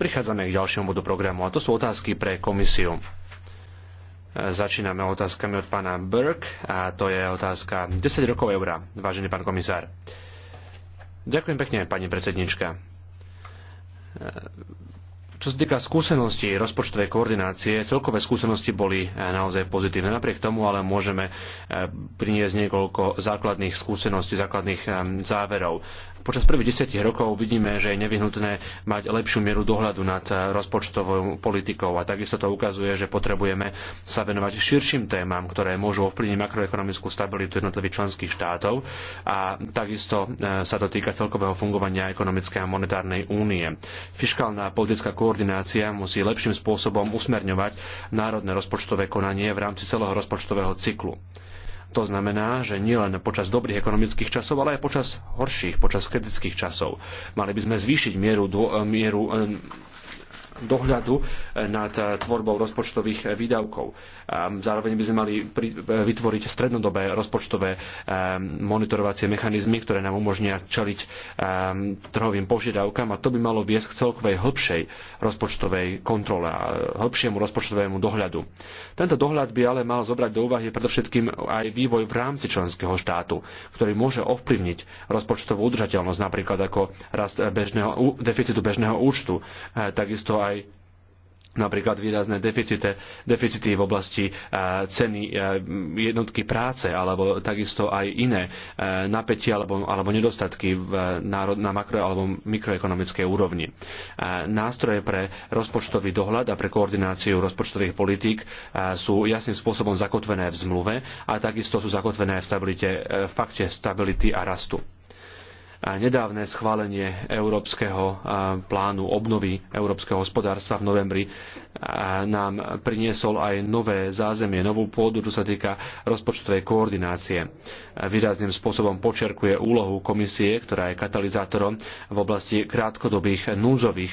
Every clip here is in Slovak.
Prichádzame k ďalšiemu bodu programu a to sú otázky pre komisiu. E, začíname otázkami od pána Burke a to je otázka 10 rokov eura, vážený pán komisár. Ďakujem pekne, pani predsednička e, čo sa týka skúseností rozpočtovej koordinácie, celkové skúsenosti boli eh, naozaj pozitívne. Napriek tomu ale môžeme eh, priniesť niekoľko základných skúseností, základných eh, záverov. Počas prvých desiatich rokov vidíme, že je nevyhnutné mať lepšiu mieru dohľadu nad rozpočtovou politikou a takisto to ukazuje, že potrebujeme sa venovať širším témam, ktoré môžu ovplyvniť makroekonomickú stabilitu jednotlivých členských štátov a takisto sa to týka celkového fungovania ekonomickej a monetárnej únie. Fiškálna politická koordinácia koordinácia musí lepším spôsobom usmerňovať národné rozpočtové konanie v rámci celého rozpočtového cyklu. To znamená, že nielen počas dobrých ekonomických časov, ale aj počas horších, počas kritických časov. Mali by sme zvýšiť mieru, dô, eh, mieru eh, dohľadu eh, nad tvorbou rozpočtových výdavkov. Zároveň by sme mali vytvoriť strednodobé rozpočtové e, monitorovacie mechanizmy, ktoré nám umožnia čeliť e, trhovým požiadavkám a to by malo viesť k celkovej hĺbšej rozpočtovej kontrole a hĺbšiemu rozpočtovému dohľadu. Tento dohľad by ale mal zobrať do úvahy predovšetkým aj vývoj v rámci členského štátu, ktorý môže ovplyvniť rozpočtovú udržateľnosť, napríklad ako rast bežného, deficitu bežného účtu, e, takisto aj napríklad výrazné deficite, deficity v oblasti e, ceny e, jednotky práce alebo takisto aj iné e, napätia alebo, alebo nedostatky v, na makro alebo mikroekonomickej úrovni. Nástroje pre rozpočtový dohľad a pre koordináciu rozpočtových politík sú jasným spôsobom zakotvené v zmluve a takisto sú zakotvené v, stabilite, v pakte stability a rastu nedávne schválenie Európskeho plánu obnovy európskeho hospodárstva v novembri nám priniesol aj nové zázemie, novú pôdu, čo sa týka rozpočtovej koordinácie. Výrazným spôsobom počerkuje úlohu komisie, ktorá je katalizátorom v oblasti krátkodobých núzových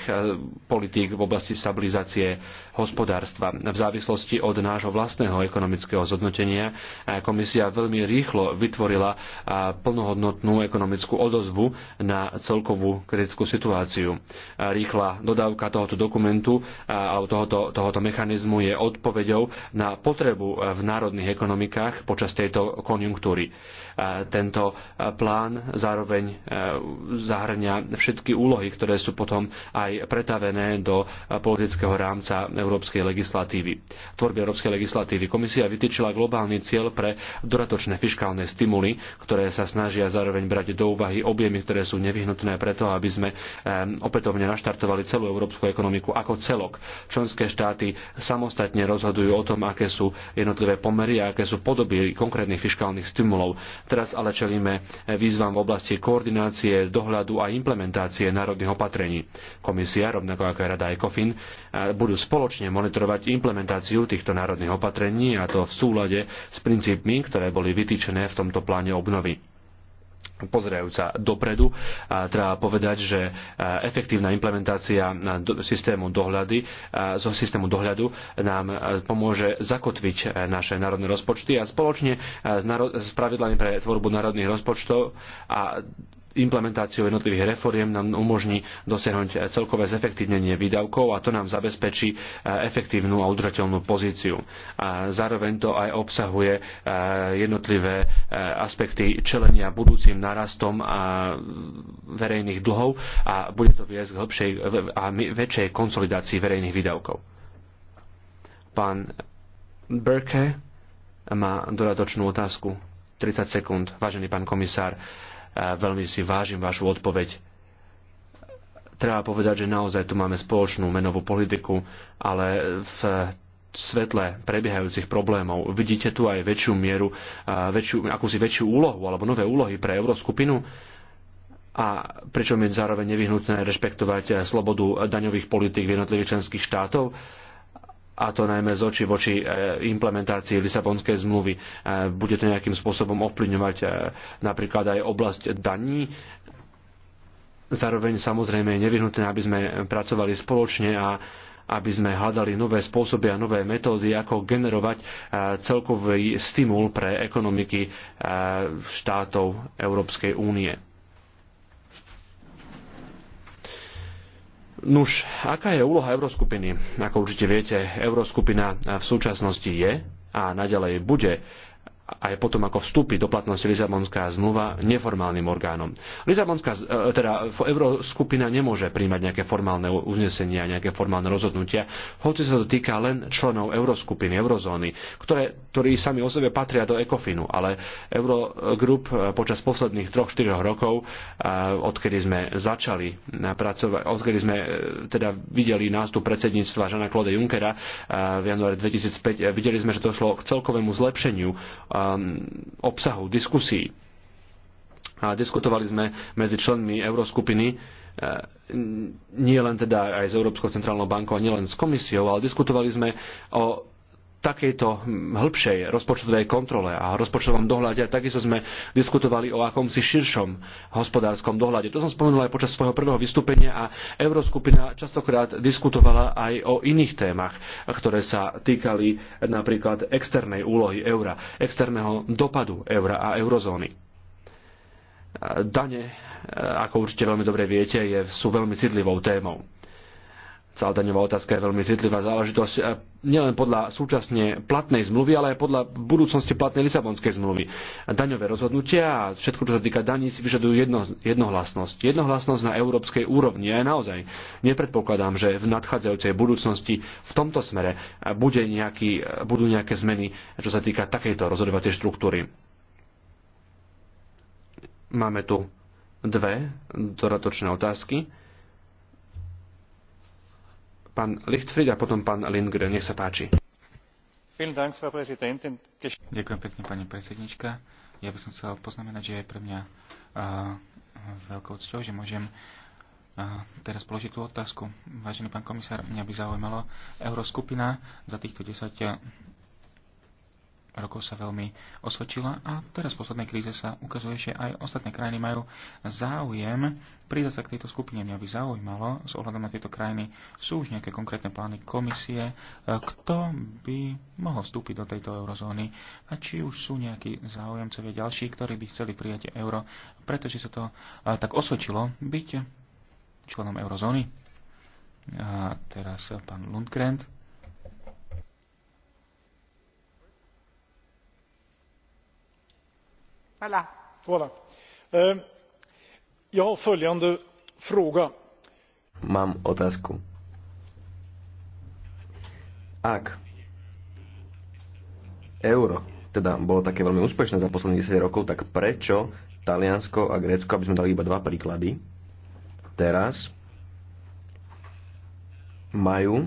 politík v oblasti stabilizácie hospodárstva. V závislosti od nášho vlastného ekonomického zhodnotenia komisia veľmi rýchlo vytvorila plnohodnotnú ekonomickú odozvu väzbu na celkovú kritickú situáciu. Rýchla dodávka tohoto dokumentu alebo tohoto, tohoto mechanizmu je odpoveďou na potrebu v národných ekonomikách počas tejto konjunktúry. Tento plán zároveň e, zahrňa všetky úlohy, ktoré sú potom aj pretavené do politického rámca európskej legislatívy. Tvorby európskej legislatívy komisia vytýčila globálny cieľ pre dodatočné fiskálne stimuly, ktoré sa snažia zároveň brať do úvahy objemy, ktoré sú nevyhnutné preto, aby sme e, opätovne naštartovali celú európsku ekonomiku ako celok. Členské štáty samostatne rozhodujú o tom, aké sú jednotlivé pomery a aké sú podoby konkrétnych fiskálnych stimulov. Teraz ale čelíme výzvam v oblasti koordinácie, dohľadu a implementácie národných opatrení. Komisia, rovnako ako aj Rada ECOFIN, budú spoločne monitorovať implementáciu týchto národných opatrení a to v súlade s princípmi, ktoré boli vytýčené v tomto pláne obnovy pozerajúca dopredu. A treba povedať, že e, efektívna implementácia e, systému, dohľady, e, zo systému dohľadu nám pomôže zakotviť naše národné rozpočty a spoločne s, pravidlami pre tvorbu národných rozpočtov a implementáciou jednotlivých reforiem nám umožní dosiahnuť eh, celkové zefektívnenie výdavkov a to nám zabezpečí eh, efektívnu a udržateľnú pozíciu. A zároveň to aj obsahuje eh, jednotlivé aspekty čelenia budúcim narastom a verejných dlhov a bude to viesť k hlbšej a väčšej konsolidácii verejných výdavkov. Pán Berke má dodatočnú otázku. 30 sekúnd, vážený pán komisár. Veľmi si vážim vašu odpoveď. Treba povedať, že naozaj tu máme spoločnú menovú politiku, ale v svetle prebiehajúcich problémov. Vidíte tu aj väčšiu mieru, väčšiu, akúsi väčšiu úlohu alebo nové úlohy pre Euroskupinu a pričom je zároveň nevyhnutné rešpektovať slobodu daňových politik v jednotlivých členských štátov a to najmä z oči voči e, implementácii Lisabonskej zmluvy. E, bude to nejakým spôsobom ovplyvňovať e, napríklad aj oblasť daní. Zároveň samozrejme je nevyhnutné, aby sme pracovali spoločne a aby sme hľadali nové spôsoby a nové metódy, ako generovať celkový stimul pre ekonomiky štátov Európskej únie. Nuž, aká je úloha Euroskupiny? Ako určite viete, Euroskupina v súčasnosti je a naďalej bude aj potom, ako vstúpi do platnosti Lizabonská zmluva neformálnym orgánom. Lizabonská, e, teda Euróskupina nemôže príjmať nejaké formálne uznesenia, nejaké formálne rozhodnutia, hoci sa to týka len členov Euróskupiny, Eurozóny, ktoré, ktorí sami o sebe patria do ECOFINu, ale Eurogroup e, počas posledných 3-4 rokov, e, odkedy sme začali pracovať, odkedy sme teda videli nástup predsedníctva Žana Klode Junckera v januári 2005, videli sme, že došlo k celkovému zlepšeniu Um, obsahu diskusí. A diskutovali sme medzi členmi Euroskupiny eh, nie len teda aj s Európskou centrálnou bankou a nielen s komisiou, ale diskutovali sme o takejto hm, hĺbšej rozpočtovej kontrole a rozpočtovom dohľade. A takisto sme diskutovali o akomsi širšom hospodárskom dohľade. To som spomenul aj počas svojho prvého vystúpenia a Euroskupina častokrát diskutovala aj o iných témach, ktoré sa týkali napríklad externej úlohy eura, externého dopadu eura a eurozóny dane, ako určite veľmi dobre viete, sú veľmi citlivou témou. Celá daňová otázka je veľmi citlivá záležitosť e, nielen podľa súčasne platnej zmluvy, ale aj podľa budúcnosti platnej Lisabonskej zmluvy. Daňové rozhodnutia a všetko, čo sa týka daní, si vyžadujú jedno, jednohlasnosť. Jednohlasnosť na európskej úrovni. Ja naozaj nepredpokladám, že v nadchádzajúcej budúcnosti v tomto smere bude nejaký, budú nejaké zmeny, čo sa týka takejto rozhodovacej štruktúry. Máme tu dve dodatočné otázky pán Lichtfried a potom pán Lindgren. Nech sa páči. Ďakujem pekne, pani predsednička. Ja by som chcel poznamenať, že je pre mňa uh, veľkou cťou, že môžem uh, teraz položiť tú otázku. Vážený pán komisár, mňa by zaujímalo, euroskupina za týchto 10 rokov sa veľmi osvedčila a teraz v poslednej kríze sa ukazuje, že aj ostatné krajiny majú záujem pridať sa k tejto skupine. Mňa by zaujímalo, s ohľadom na tieto krajiny, sú už nejaké konkrétne plány komisie, e, kto by mohol vstúpiť do tejto eurozóny a či už sú nejakí záujemcovia ďalší, ktorí by chceli prijať euro, pretože sa to e, tak osvedčilo byť členom eurozóny. A teraz e, pán Lundgren. Mám ehm, otázku. Ak euro teda bolo také veľmi úspešné za posledných 10 rokov, tak prečo Taliansko a Grécko, aby sme dali iba dva príklady, teraz majú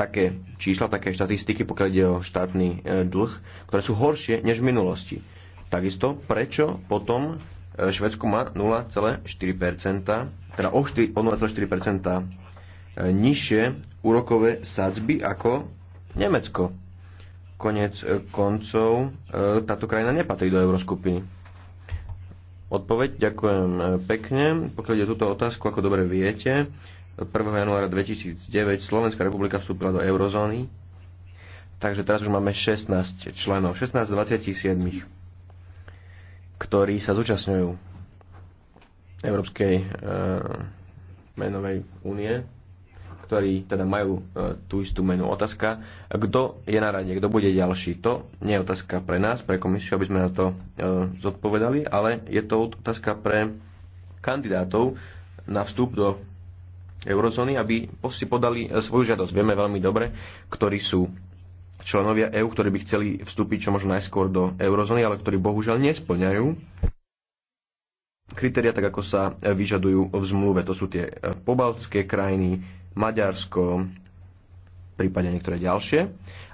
také čísla, také štatistiky, pokiaľ ide o štátny e, dlh, ktoré sú horšie než v minulosti. Takisto, prečo potom e, Švedsko má 0,4%, teda o, 4, o 0,4% e, nižšie úrokové sadzby ako Nemecko. Konec koncov táto krajina nepatrí do euroskupiny. Odpoveď ďakujem pekne. Pokiaľ ide túto otázku, ako dobre viete, 1. januára 2009 Slovenská republika vstúpila do eurozóny, takže teraz už máme 16 členov, 16 z 27, ktorí sa zúčastňujú Európskej e, menovej únie, ktorí teda majú e, tú istú menu. Otázka, kto je na rade, kto bude ďalší, to nie je otázka pre nás, pre komisiu, aby sme na to e, zodpovedali, ale je to otázka pre kandidátov na vstup do eurozóny, aby si podali e, svoju žiadosť. Vieme veľmi dobre, ktorí sú členovia EÚ, ktorí by chceli vstúpiť čo možno najskôr do eurozóny, ale ktorí bohužiaľ nesplňajú kritéria, tak ako sa e, vyžadujú v zmluve. To sú tie e, pobaltské krajiny, Maďarsko, prípadne niektoré ďalšie.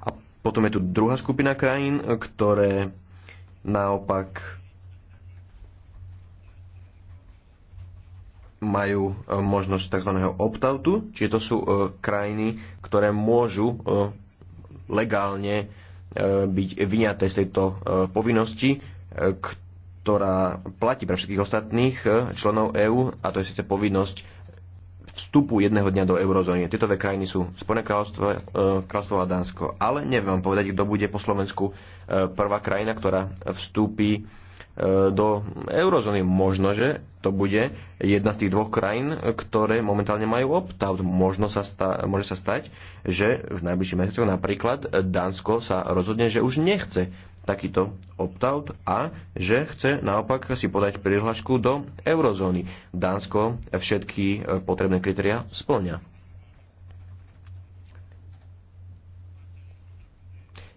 A potom je tu druhá skupina krajín, ktoré naopak majú e, možnosť tzv. opt-outu, čiže to sú e, krajiny, ktoré môžu e, legálne byť vyňaté z tejto povinnosti, ktorá platí pre všetkých ostatných členov EÚ a to je síce povinnosť vstupu jedného dňa do eurozóny. Tieto dve krajiny sú Spojené kráľovstvo, kráľovstvo a Dánsko. Ale neviem vám povedať, kto bude po Slovensku prvá krajina, ktorá vstúpi E, do eurozóny. Možno, že to bude jedna z tých dvoch krajín, ktoré momentálne majú opt-out. Možno sa sta- môže sa stať, že v najbližších mesiacoch napríklad Dánsko sa rozhodne, že už nechce takýto opt-out a že chce naopak si podať prihlášku do eurozóny. Dánsko všetky e, potrebné kritéria splňa.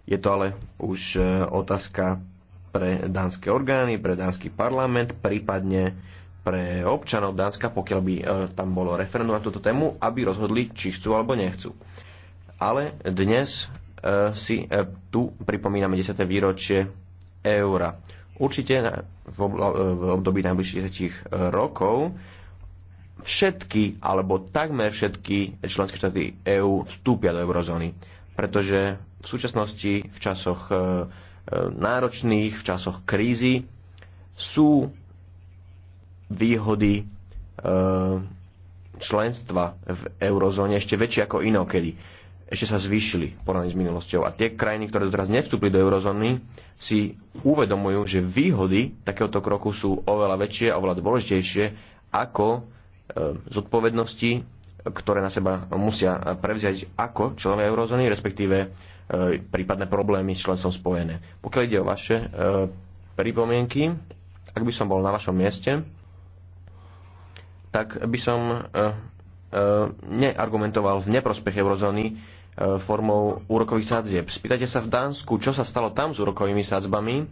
Je to ale už e, otázka pre dánske orgány, pre dánsky parlament, prípadne pre občanov Dánska, pokiaľ by e, tam bolo referendum na túto tému, aby rozhodli, či chcú alebo nechcú. Ale dnes e, si e, tu pripomíname 10. výročie eura. Určite v období najbližších 10 rokov všetky alebo takmer všetky členské štáty EÚ vstúpia do eurozóny, pretože v súčasnosti v časoch náročných, v časoch krízy, sú výhody e, členstva v eurozóne ešte väčšie ako inokedy. Ešte sa zvýšili porovnaní s minulosťou. A tie krajiny, ktoré doteraz nevstúpili do eurozóny, si uvedomujú, že výhody takéhoto kroku sú oveľa väčšie a oveľa dôležitejšie ako e, zodpovednosti, ktoré na seba musia prevziať ako členovia eurozóny, respektíve E, prípadné problémy s členstvom spojené. Pokiaľ ide o vaše e, pripomienky, ak by som bol na vašom mieste, tak by som e, neargumentoval v neprospech eurozóny formou úrokových sadzieb. Spýtajte sa v Dánsku, čo sa stalo tam s úrokovými sadzbami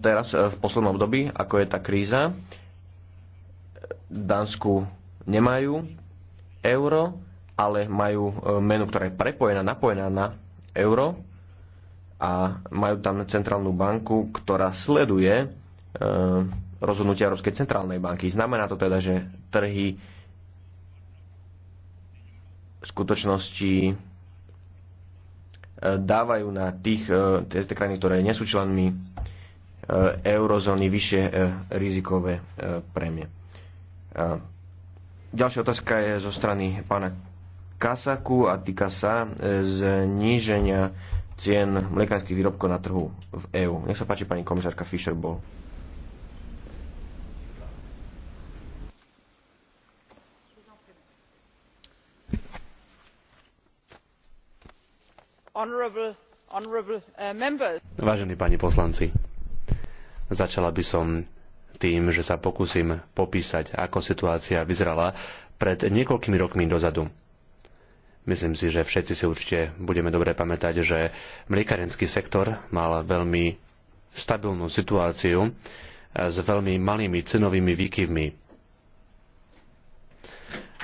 teraz v poslednom období, ako je tá kríza. Dánsku nemajú euro, ale majú menu, ktorá je prepojená, napojená na euro a majú tam centrálnu banku, ktorá sleduje e, rozhodnutia Európskej centrálnej banky. Znamená to teda, že trhy v skutočnosti e, dávajú na tých, e, tie krajiny, ktoré nie sú členmi eurozóny, vyššie rizikové prémie. Ďalšia otázka je zo strany pána Kasaku a týka sa e, zníženia cien mlekárskych výrobkov na trhu v EÚ. Nech sa páči pani komisárka Fischer Ball. E, Vážení pani poslanci, začala by som tým, že sa pokúsim popísať, ako situácia vyzerala pred niekoľkými rokmi dozadu Myslím si, že všetci si určite budeme dobre pamätať, že mliekarenský sektor mal veľmi stabilnú situáciu s veľmi malými cenovými výkyvmi.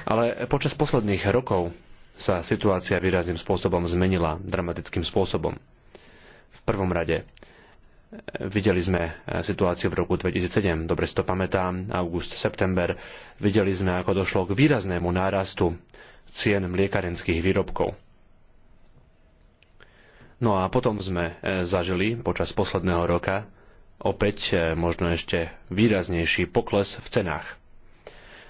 Ale počas posledných rokov sa situácia výrazným spôsobom zmenila, dramatickým spôsobom. V prvom rade Videli sme situáciu v roku 2007, dobre si to pamätám, august, september. Videli sme, ako došlo k výraznému nárastu cien mliekarenských výrobkov. No a potom sme e, zažili počas posledného roka opäť e, možno ešte výraznejší pokles v cenách.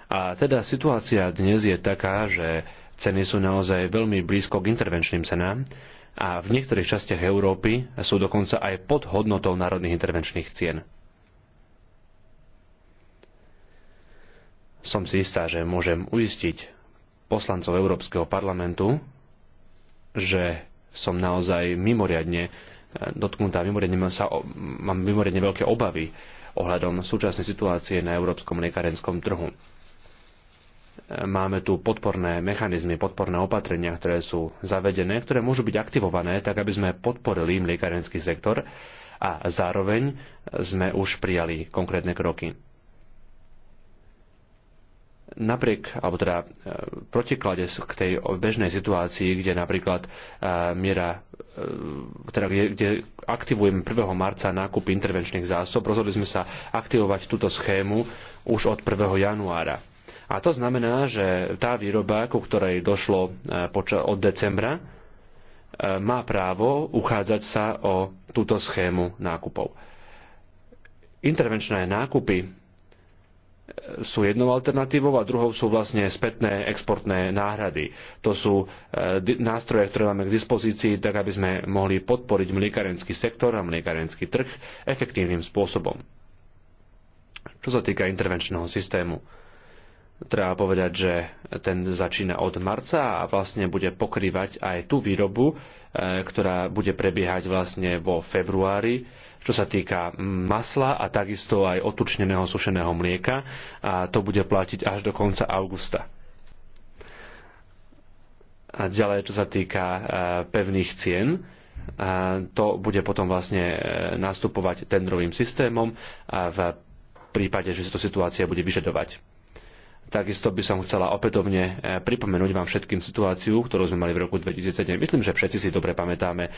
A teda situácia dnes je taká, že ceny sú naozaj veľmi blízko k intervenčným cenám a v niektorých častiach Európy sú dokonca aj pod hodnotou národných intervenčných cien. Som si istá, že môžem uistiť poslancov Európskeho parlamentu, že som naozaj mimoriadne e, dotknutá, mimoriadne sa, mám mimoriadne veľké obavy ohľadom súčasnej situácie na európskom lekárenskom trhu. E, máme tu podporné mechanizmy, podporné opatrenia, ktoré sú zavedené, ktoré môžu byť aktivované tak, aby sme podporili mliekarenský sektor a zároveň sme už prijali konkrétne kroky napriek, alebo teda e, protiklade k tej bežnej situácii, kde napríklad e, miera, e, teda kde, kde aktivujeme 1. marca nákup intervenčných zásob, rozhodli sme sa aktivovať túto schému už od 1. januára. A to znamená, že tá výroba, ku ktorej došlo od decembra, má právo uchádzať sa o túto schému nákupov. Intervenčné nákupy sú jednou alternatívou a druhou sú vlastne spätné exportné náhrady. To sú e, nástroje, ktoré máme k dispozícii, tak aby sme mohli podporiť mliekarenský sektor a mliekarenský trh efektívnym spôsobom. Čo sa týka intervenčného systému, treba povedať, že ten začína od marca a vlastne bude pokrývať aj tú výrobu, e, ktorá bude prebiehať vlastne vo februári čo sa týka mm, masla a takisto aj otučneného sušeného mlieka a to bude platiť až do konca augusta. A ďalej, čo sa týka e, pevných cien, e, to bude potom vlastne e, nastupovať tendrovým systémom v prípade, že si to situácia bude vyžadovať. Takisto by som chcela opätovne e, pripomenúť vám všetkým situáciu, ktorú sme mali v roku 2007. Myslím, že všetci si dobre pamätáme e,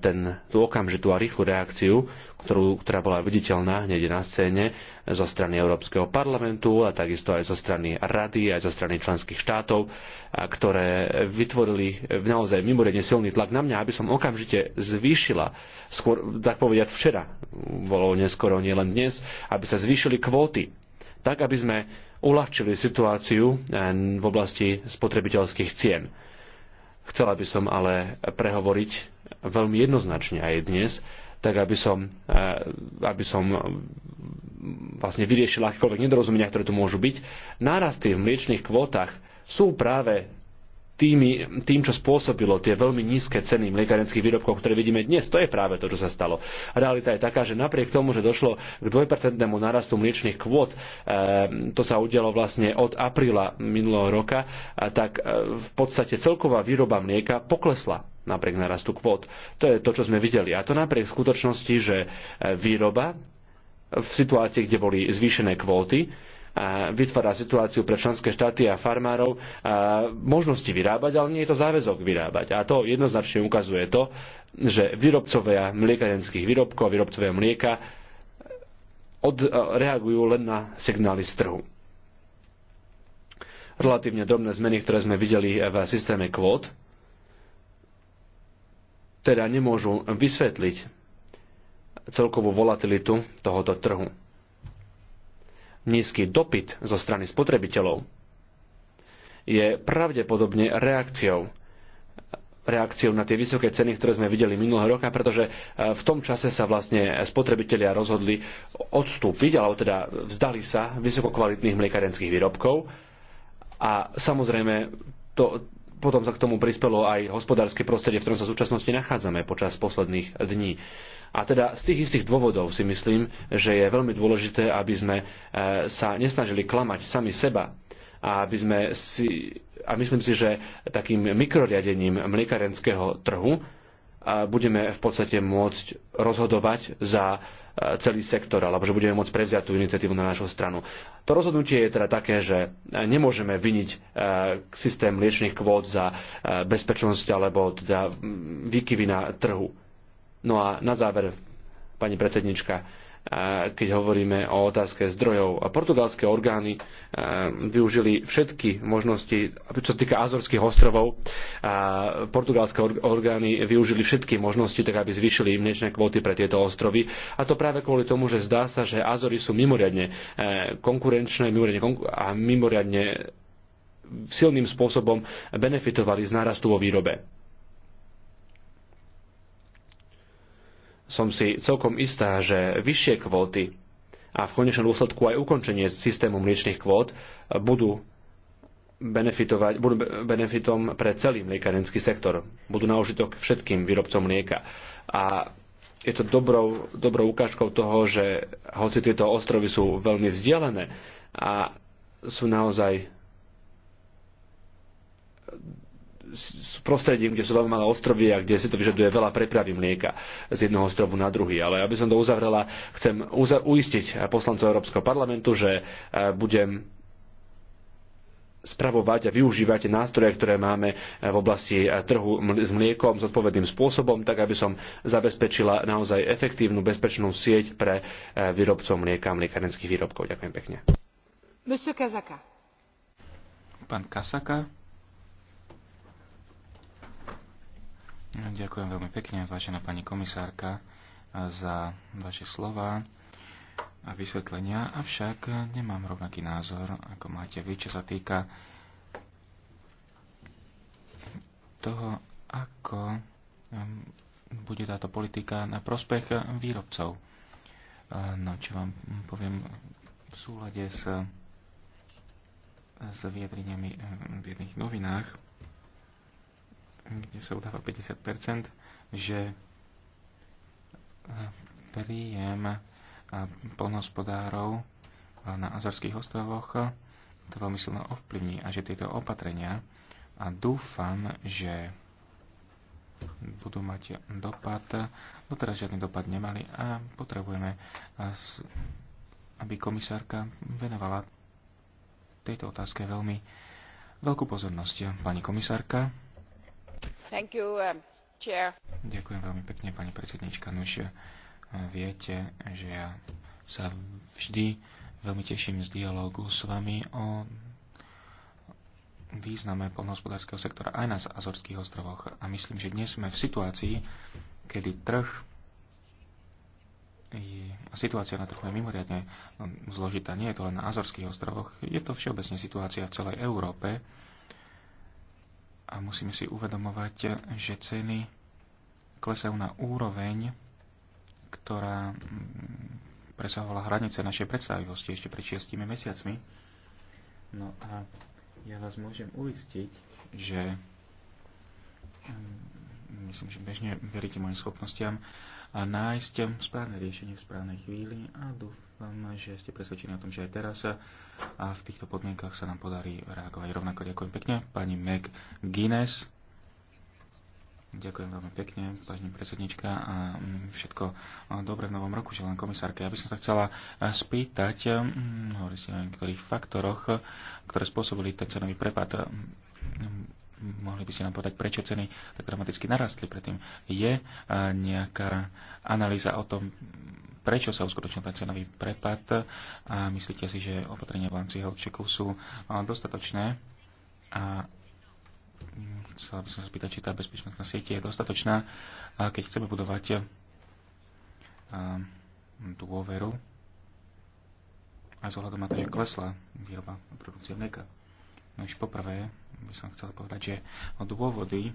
ten, tú okamžitú a rýchlu reakciu, ktorú, ktorá bola viditeľná hneď na scéne zo strany Európskeho parlamentu a takisto aj zo strany rady, aj zo strany členských štátov, ktoré vytvorili naozaj mimoriadne silný tlak na mňa, aby som okamžite zvýšila, skôr, tak povediac včera, mm, bolo neskoro, len dnes, aby sa zvýšili kvóty, tak aby sme uľahčili situáciu eh, v oblasti spotrebiteľských cien. Chcela by som ale prehovoriť veľmi jednoznačne aj dnes, tak aby som, eh, aby som vlastne vyriešil akékoľvek nedorozumenia, ktoré tu môžu byť. Nárasty v mliečných kvótach sú práve tými, tým, čo spôsobilo tie veľmi nízke ceny mliekarenských výrobkov, ktoré vidíme dnes. To je práve to, čo sa stalo. Realita je taká, že napriek tomu, že došlo k 2% narastu mliečných kvót, eh, to sa udialo vlastne od apríla minulého roka, eh, tak eh, v podstate celková výroba mlieka poklesla napriek narastu kvót. To je to, čo sme videli. A to napriek skutočnosti, že výroba v situácii, kde boli zvýšené kvóty, vytvára situáciu pre členské štáty a farmárov možnosti vyrábať, ale nie je to záväzok vyrábať. A to jednoznačne ukazuje to, že výrobcovia mliekarenských výrobkov a výrobcovia mlieka od, e, reagujú len na signály z trhu. Relatívne drobné zmeny, ktoré sme videli v systéme kvót, teda nemôžu vysvetliť celkovú volatilitu tohoto trhu nízky dopyt zo strany spotrebiteľov je pravdepodobne reakciou reakciou na tie vysoké ceny, ktoré sme videli minulého roka, pretože e, v tom čase sa vlastne spotrebitelia rozhodli odstúpiť, alebo teda vzdali sa vysokokvalitných mliekarenských výrobkov a samozrejme to, potom sa k tomu prispelo aj hospodárske prostredie, v ktorom sa v súčasnosti nachádzame počas posledných dní. A teda z tých istých dôvodov si myslím, že je veľmi dôležité, aby sme e, sa nesnažili klamať sami seba a aby sme si, a myslím si, že takým mikroriadením mliekarenského trhu e, budeme v podstate môcť rozhodovať za e, celý sektor, alebo že budeme môcť prevziať tú iniciatívu na našu stranu. To rozhodnutie je teda také, že nemôžeme viniť systém liečných kvót za bezpečnosť alebo teda výkyvy na trhu. No a na záver, pani predsednička, e, keď hovoríme o otázke zdrojov. Portugalské orgány e, využili všetky možnosti, čo sa týka Azorských ostrovov, portugalské orgány využili všetky možnosti, tak aby zvýšili mliečne kvóty pre tieto ostrovy. A to práve kvôli tomu, že zdá sa, že Azory sú mimoriadne e, konkurenčné mimoriadne konkur- a mimoriadne silným spôsobom benefitovali z nárastu vo výrobe. som si celkom istá, že vyššie kvóty a v konečnom dôsledku aj ukončenie systému mliečných kvót e, budú benefitovať, budú benefitom pre celý mliekarenský sektor. Budú na užitok všetkým výrobcom mlieka. A je to dobrou, dobrou ukážkou toho, že hoci tieto ostrovy sú veľmi vzdialené a sú naozaj prostredím, kde sú veľmi malé ostrovy a kde si to vyžaduje veľa prepravy mlieka z jedného ostrovu na druhý. Ale aby som to uzavrela, chcem uistiť poslancov Európskeho parlamentu, že e, budem spravovať a využívať nástroje, ktoré máme e, v oblasti e, trhu s mliekom zodpovedným spôsobom, tak aby som zabezpečila naozaj efektívnu bezpečnú sieť pre výrobcov mlieka a mliekarenských výrobkov. Ďakujem pekne. Pán Kasaka. Ďakujem veľmi pekne, vážená pani komisárka, za vaše slova a vysvetlenia, avšak nemám rovnaký názor, ako máte vy, čo sa týka toho, ako um, bude táto politika na prospech výrobcov. Uh, no, čo vám poviem v súlade s, s vyjadreniami v jedných novinách, kde sa udáva 50%, že e, príjem e, polnohospodárov e, na Azorských ostrovoch to veľmi silno ovplyvní a že tieto opatrenia a dúfam, že budú mať dopad. teraz žiadny dopad nemali a potrebujeme, aby komisárka venovala tejto otázke veľmi veľkú pozornosť. Pani komisárka. Um, Ďakujem veľmi pekne, pani predsednička. Nuž, no eh, viete, že ja sa vždy veľmi teším z dialógu s vami o význame polnohospodárskeho sektora aj na Azorských ostrovoch. A myslím, že dnes sme v situácii, kedy trh a situácia na trhu je mimoriadne um, zložitá. Nie je to len na Azorských ostrovoch, je to všeobecne situácia v celej Európe a musíme si uvedomovať, že ceny klesajú na úroveň, ktorá mm, presahovala hranice našej predstavivosti ešte pred šiestimi mesiacmi. No a ja vás môžem uistiť, že mm, myslím, že bežne veríte mojim schopnostiam a nájsť správne riešenie v správnej chvíli a dúfam, že ste presvedčení o tom, že aj teraz sa a v týchto podmienkach sa nám podarí reagovať. Rovnako ďakujem pekne pani Meg Guinness. Ďakujem veľmi pekne, pani predsednička a mm, všetko dobre v novom roku, želám komisárke. Ja by som sa chcela spýtať, mm, hovorí si o niektorých faktoroch, ktoré spôsobili ten cenový prepad mohli by ste nám povedať, prečo ceny tak dramaticky narastli predtým. Je eh, nejaká analýza o tom, prečo sa uskutočnil ten cenový prepad a myslíte si, že opatrenia v rámci helpčekov sú eh, dostatočné a mm, chcela by som sa spýtať, či tá bezpečnosť na siete je dostatočná, eh, keď chceme budovať dôveru aj z ohľadom na to, že klesla výroba a produkcia mlieka. No už poprvé by som chcel povedať, že dôvody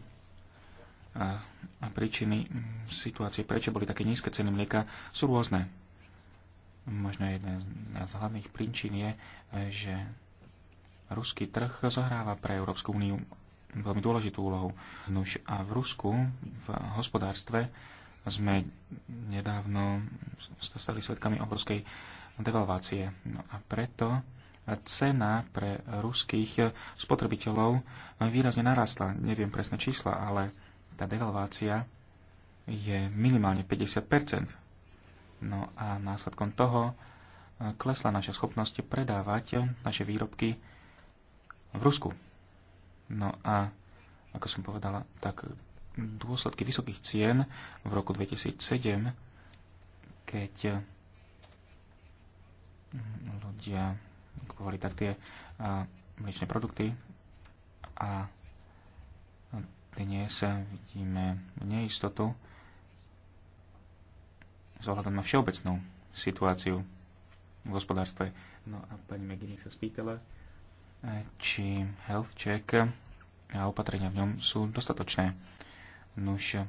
a, a príčiny situácie, prečo boli také nízke ceny mlieka, sú rôzne. Možno jedna z hlavných príčin je, e, že ruský trh zohráva pre Európsku úniu veľmi dôležitú úlohu. Nuž a v Rusku, v hospodárstve, sme nedávno stali svetkami obrovskej devalvácie. No a preto cena pre ruských spotrebiteľov výrazne narastla. Neviem presné čísla, ale tá devalvácia je minimálne 50 No a následkom toho eh, klesla naša schopnosť predávať naše výrobky v Rusku. No a, ako som povedala, tak dôsledky vysokých cien v roku 2007, keď mm, ľudia kupovali tak tie mliečne produkty a dnes vidíme neistotu s ohľadom na všeobecnú situáciu v hospodárstve. No a pani McGinnis sa spýtala, e, či health check a opatrenia v ňom sú dostatočné. Nuž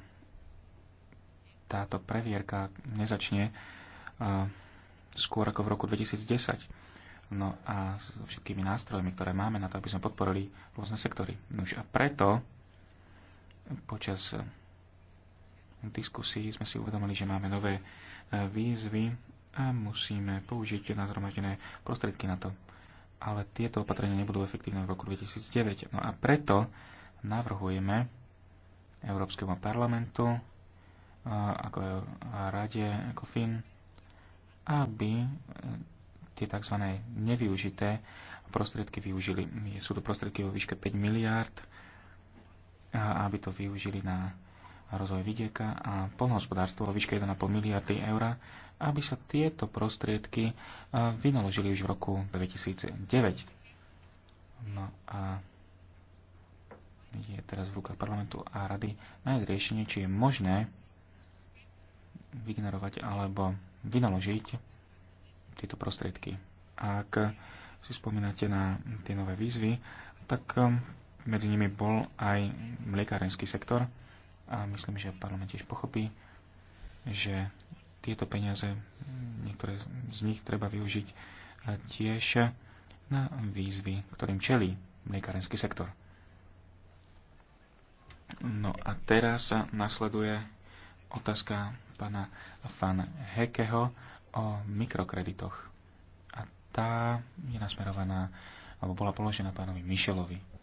táto previerka nezačne e, skôr ako v roku 2010 no a so všetkými nástrojmi, ktoré máme na to, aby sme podporili rôzne sektory. No a preto počas diskusí sme si uvedomili, že máme nové e, výzvy a musíme použiť nazhromaždené prostriedky na to. Ale tieto opatrenia nebudú efektívne v roku 2009. No a preto navrhujeme Európskemu parlamentu e, ako e, Rade, ako FIN, aby tie tzv. nevyužité prostriedky využili. Sú to prostriedky vo výške 5 miliárd, aby to využili na rozvoj vidieka a polnohospodárstvo vo výške 1,5 miliardy eur, aby sa tieto prostriedky vynaložili už v roku 2009. No a je teraz v rukách parlamentu a rady nájsť riešenie, či je možné vygenerovať alebo vynaložiť tieto prostriedky. Ak si spomínate na tie nové výzvy, tak um, medzi nimi bol aj mliekárenský sektor a myslím, že parlament tiež pochopí, že tieto peniaze, niektoré z nich treba využiť e, tiež na výzvy, ktorým čelí mliekárenský sektor. No a teraz nasleduje otázka pána Fan Hekeho o mikrokreditoch. A tá je nasmerovaná, alebo bola položená pánovi Mišelovi.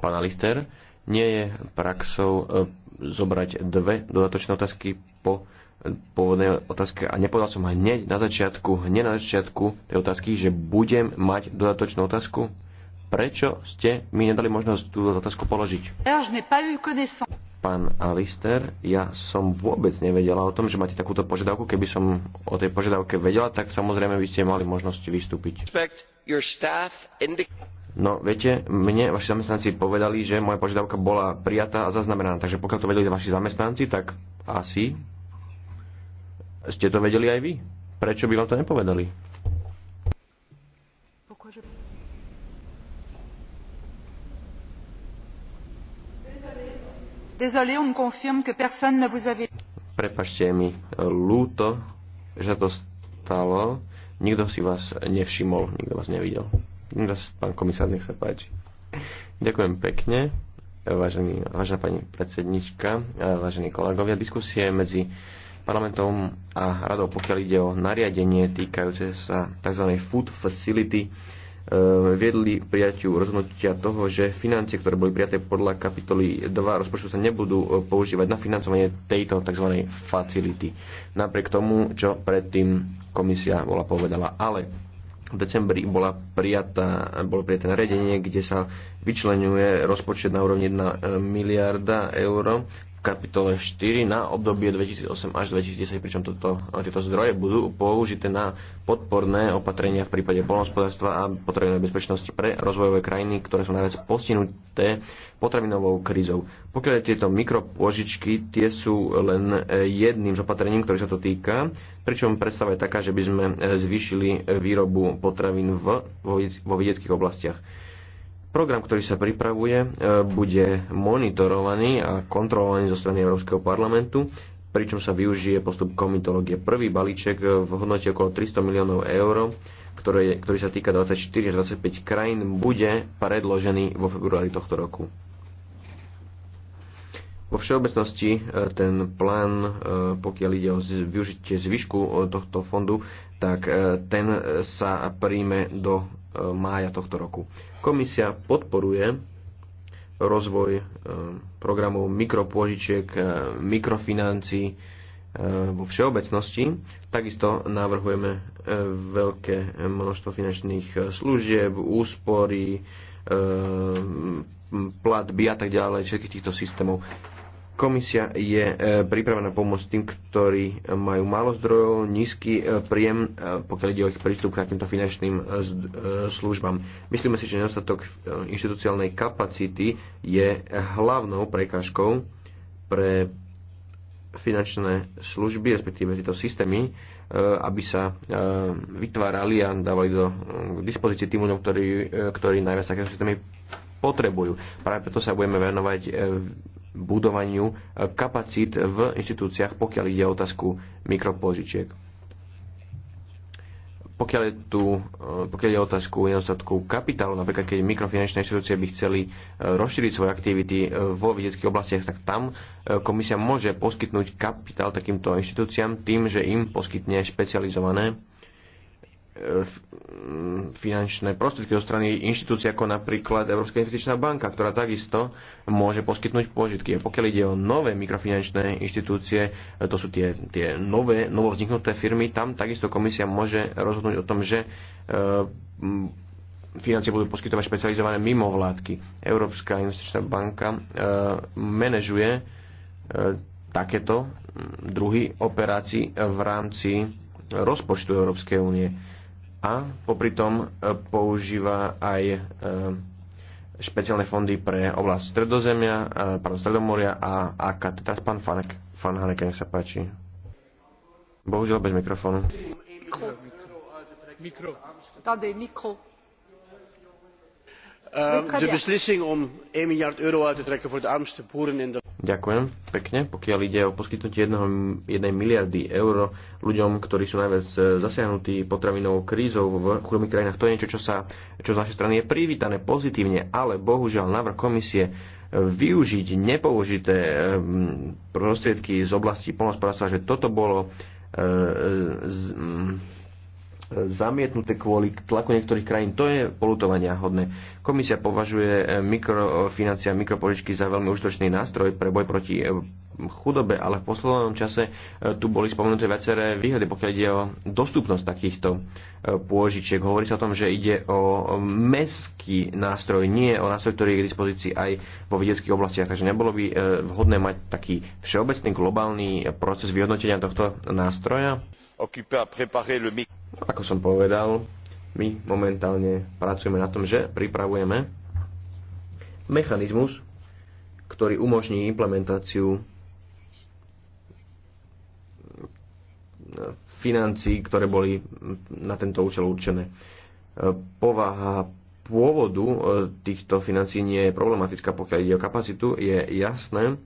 Pán Alistair, nie je praxou eh, zobrať dve dodatočné otázky po pôvodnej otázke a nepovedal som hneď na začiatku, hneď na začiatku tej otázky, že budem mať dodatočnú otázku? Prečo ste mi nedali možnosť tú otázku položiť? Pán Alister, ja som vôbec nevedela o tom, že máte takúto požiadavku. Keby som o tej požiadavke vedela, tak samozrejme by ste mali možnosť vystúpiť. No, viete, mne vaši zamestnanci povedali, že moja požiadavka bola prijatá a zaznamenaná. Takže pokiaľ to vedeli vaši zamestnanci, tak asi ste to vedeli aj vy? Prečo by vám to nepovedali? Désolé, on confirme que personne ne vous avait... Prepašte mi, lúto, že to stalo. Nikto si vás nevšimol, nikto vás nevidel. Teraz pán komisár, nech sa páči. Ďakujem pekne, vážený, vážená pani predsednička, vážení kolegovia. Diskusie medzi parlamentom a radou, pokiaľ ide o nariadenie týkajúce sa tzv. food facility, e, viedli prijatiu rozhodnutia toho, že financie, ktoré boli prijaté podľa kapitoly 2 rozpočtu, sa nebudú e, používať na financovanie tejto tzv. facility. Napriek tomu, čo predtým komisia bola povedala. Ale v decembri bola prijatá, bolo prijaté nariadenie, kde sa vyčlenuje rozpočet na úrovni 1 e, miliarda eur kapitole 4 na obdobie 2008 až 2010, pričom toto, tieto zdroje budú použité na podporné opatrenia v prípade polnospodárstva a potrebnej bezpečnosti pre rozvojové krajiny, ktoré sú najviac postihnuté potravinovou krízou. Pokiaľ tieto mikropožičky, tie sú len e, jedným z opatrením, ktoré sa to týka, pričom predstava je taká, že by sme e, zvýšili výrobu potravín v, vo, vo vedeckých oblastiach Program, ktorý sa pripravuje, e, bude monitorovaný a kontrolovaný zo strany Európskeho parlamentu, pričom sa využije postup komitológie. Prvý balíček e, v hodnote okolo 300 miliónov eur, ktoré, ktorý sa týka 24-25 krajín, bude predložený vo februári tohto roku. Vo všeobecnosti e, ten plán, pokiaľ ide o využitie zvyšku tohto fondu, tak ten sa príjme do mája tohto roku. Komisia podporuje rozvoj e, programov mikropôžičiek, e, mikrofinancií e, vo všeobecnosti. Takisto navrhujeme veľké množstvo finančných služieb, úspory, platby a tak ďalej, všetkých týchto systémov. Komisia je e, pripravená pomôcť tým, ktorí majú málo zdrojov, nízky e, príjem, e, pokiaľ ide o ich prístup k takýmto finančným službám. Myslíme si, že nedostatok inštitucionálnej kapacity je hlavnou prekážkou pre finančné služby, respektíve tieto systémy, aby sa vytvárali a dávali do dispozície dispozícii tým ľuďom, ktorí, ktorí najviac takéto systémy potrebujú. Práve preto sa budeme venovať budovaniu eh, kapacít v inštitúciách, pokiaľ ide o otázku mikropožičiek. Pokiaľ je tu eh, pokiaľ je otázku nedostatku kapitálu, napríklad keď mikrofinančné inštitúcie by chceli eh, rozšíriť svoje aktivity vo vedeckých oblastiach, tak tam komisia môže poskytnúť kapitál takýmto inštitúciám tým, že im poskytne špecializované finančné prostriedky zo strany inštitúcií ako napríklad Európska investičná banka, ktorá takisto môže poskytnúť požitky. A pokiaľ ide o nové mikrofinančné inštitúcie, to sú tie, tie nové, novovzniknuté firmy, tam takisto komisia môže rozhodnúť o tom, že e, financie budú poskytovať špecializované mimovládky. Európska investičná banka e, manažuje e, takéto druhy operácií v rámci rozpočtu Európskej únie a popri tom používa aj špeciálne fondy pre oblasť Stredozemia, pardon, Stredomoria a AKT. Teraz pán Fanek, Fan Haneke, nech sa páči. Bohužiaľ bez mikrofónu. Mikro. Mikro. Tady mikro. Ehm, de beslissing om 1 miliard euro uit te trekken voor de armste boeren in de... Ďakujem pekne. Pokiaľ ide o poskytnutie 1 miliardy eur ľuďom, ktorí sú najviac e, zasiahnutí potravinovou krízou v chudobných krajinách, to je niečo, čo, sa, čo z našej strany je privítané pozitívne, ale bohužiaľ návrh komisie e, využiť nepoužité e, prostriedky z oblasti polnospodárstva, že toto bolo z, zamietnuté kvôli tlaku niektorých krajín. To je polutovania hodné. Komisia považuje mikrofinancia a mikropožičky za veľmi užitočný nástroj pre boj proti eh, chudobe, ale v poslednom čase eh, tu boli spomenuté viaceré výhody, pokiaľ ide o dostupnosť takýchto eh, pôžičiek. Hovorí sa o tom, že ide o meský nástroj, nie o nástroj, ktorý je k dispozícii aj vo vedeckých oblastiach. Takže nebolo by vhodné mať taký všeobecný globálny proces vyhodnotenia tohto nástroja? occupé à préparer le Ako som povedal, my momentálne pracujeme na tom, že pripravujeme mechanizmus, ktorý umožní implementáciu eh, financií, ktoré boli na tento účel určené. Eh, povaha pôvodu eh, týchto financií nie je problematická, pokiaľ ide o kapacitu. Je jasné,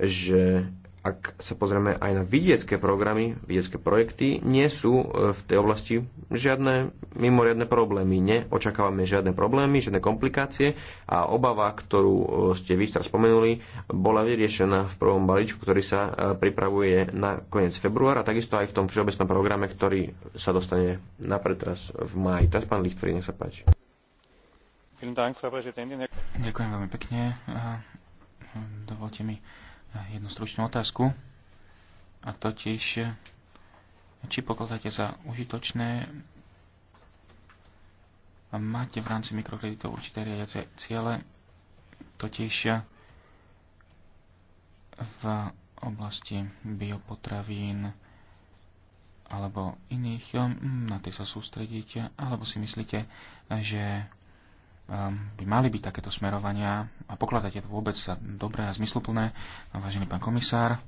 že ak sa pozrieme aj na vidiecké programy, vidiecké projekty, nie sú e, v tej oblasti žiadne mimoriadne problémy. Neočakávame žiadne problémy, žiadne komplikácie a obava, ktorú e, ste vy teraz spomenuli, bola vyriešená v prvom balíčku, ktorý sa e, pripravuje na koniec februára, takisto aj v tom všeobecnom programe, ktorý sa dostane na pretras v máji. Teraz pán Lichtfried, nech sa páči. Ďakujem veľmi pekne. Dovolte mi jednu stručnú otázku, a totiž, či pokladáte za užitočné a máte v rámci mikrokreditov určité riadiace ciele, totiž v oblasti biopotravín alebo iných, na tie sa sústredíte, alebo si myslíte, že by mali byť takéto smerovania a pokladáte to vôbec za dobré a zmysluplné, vážený pán komisár?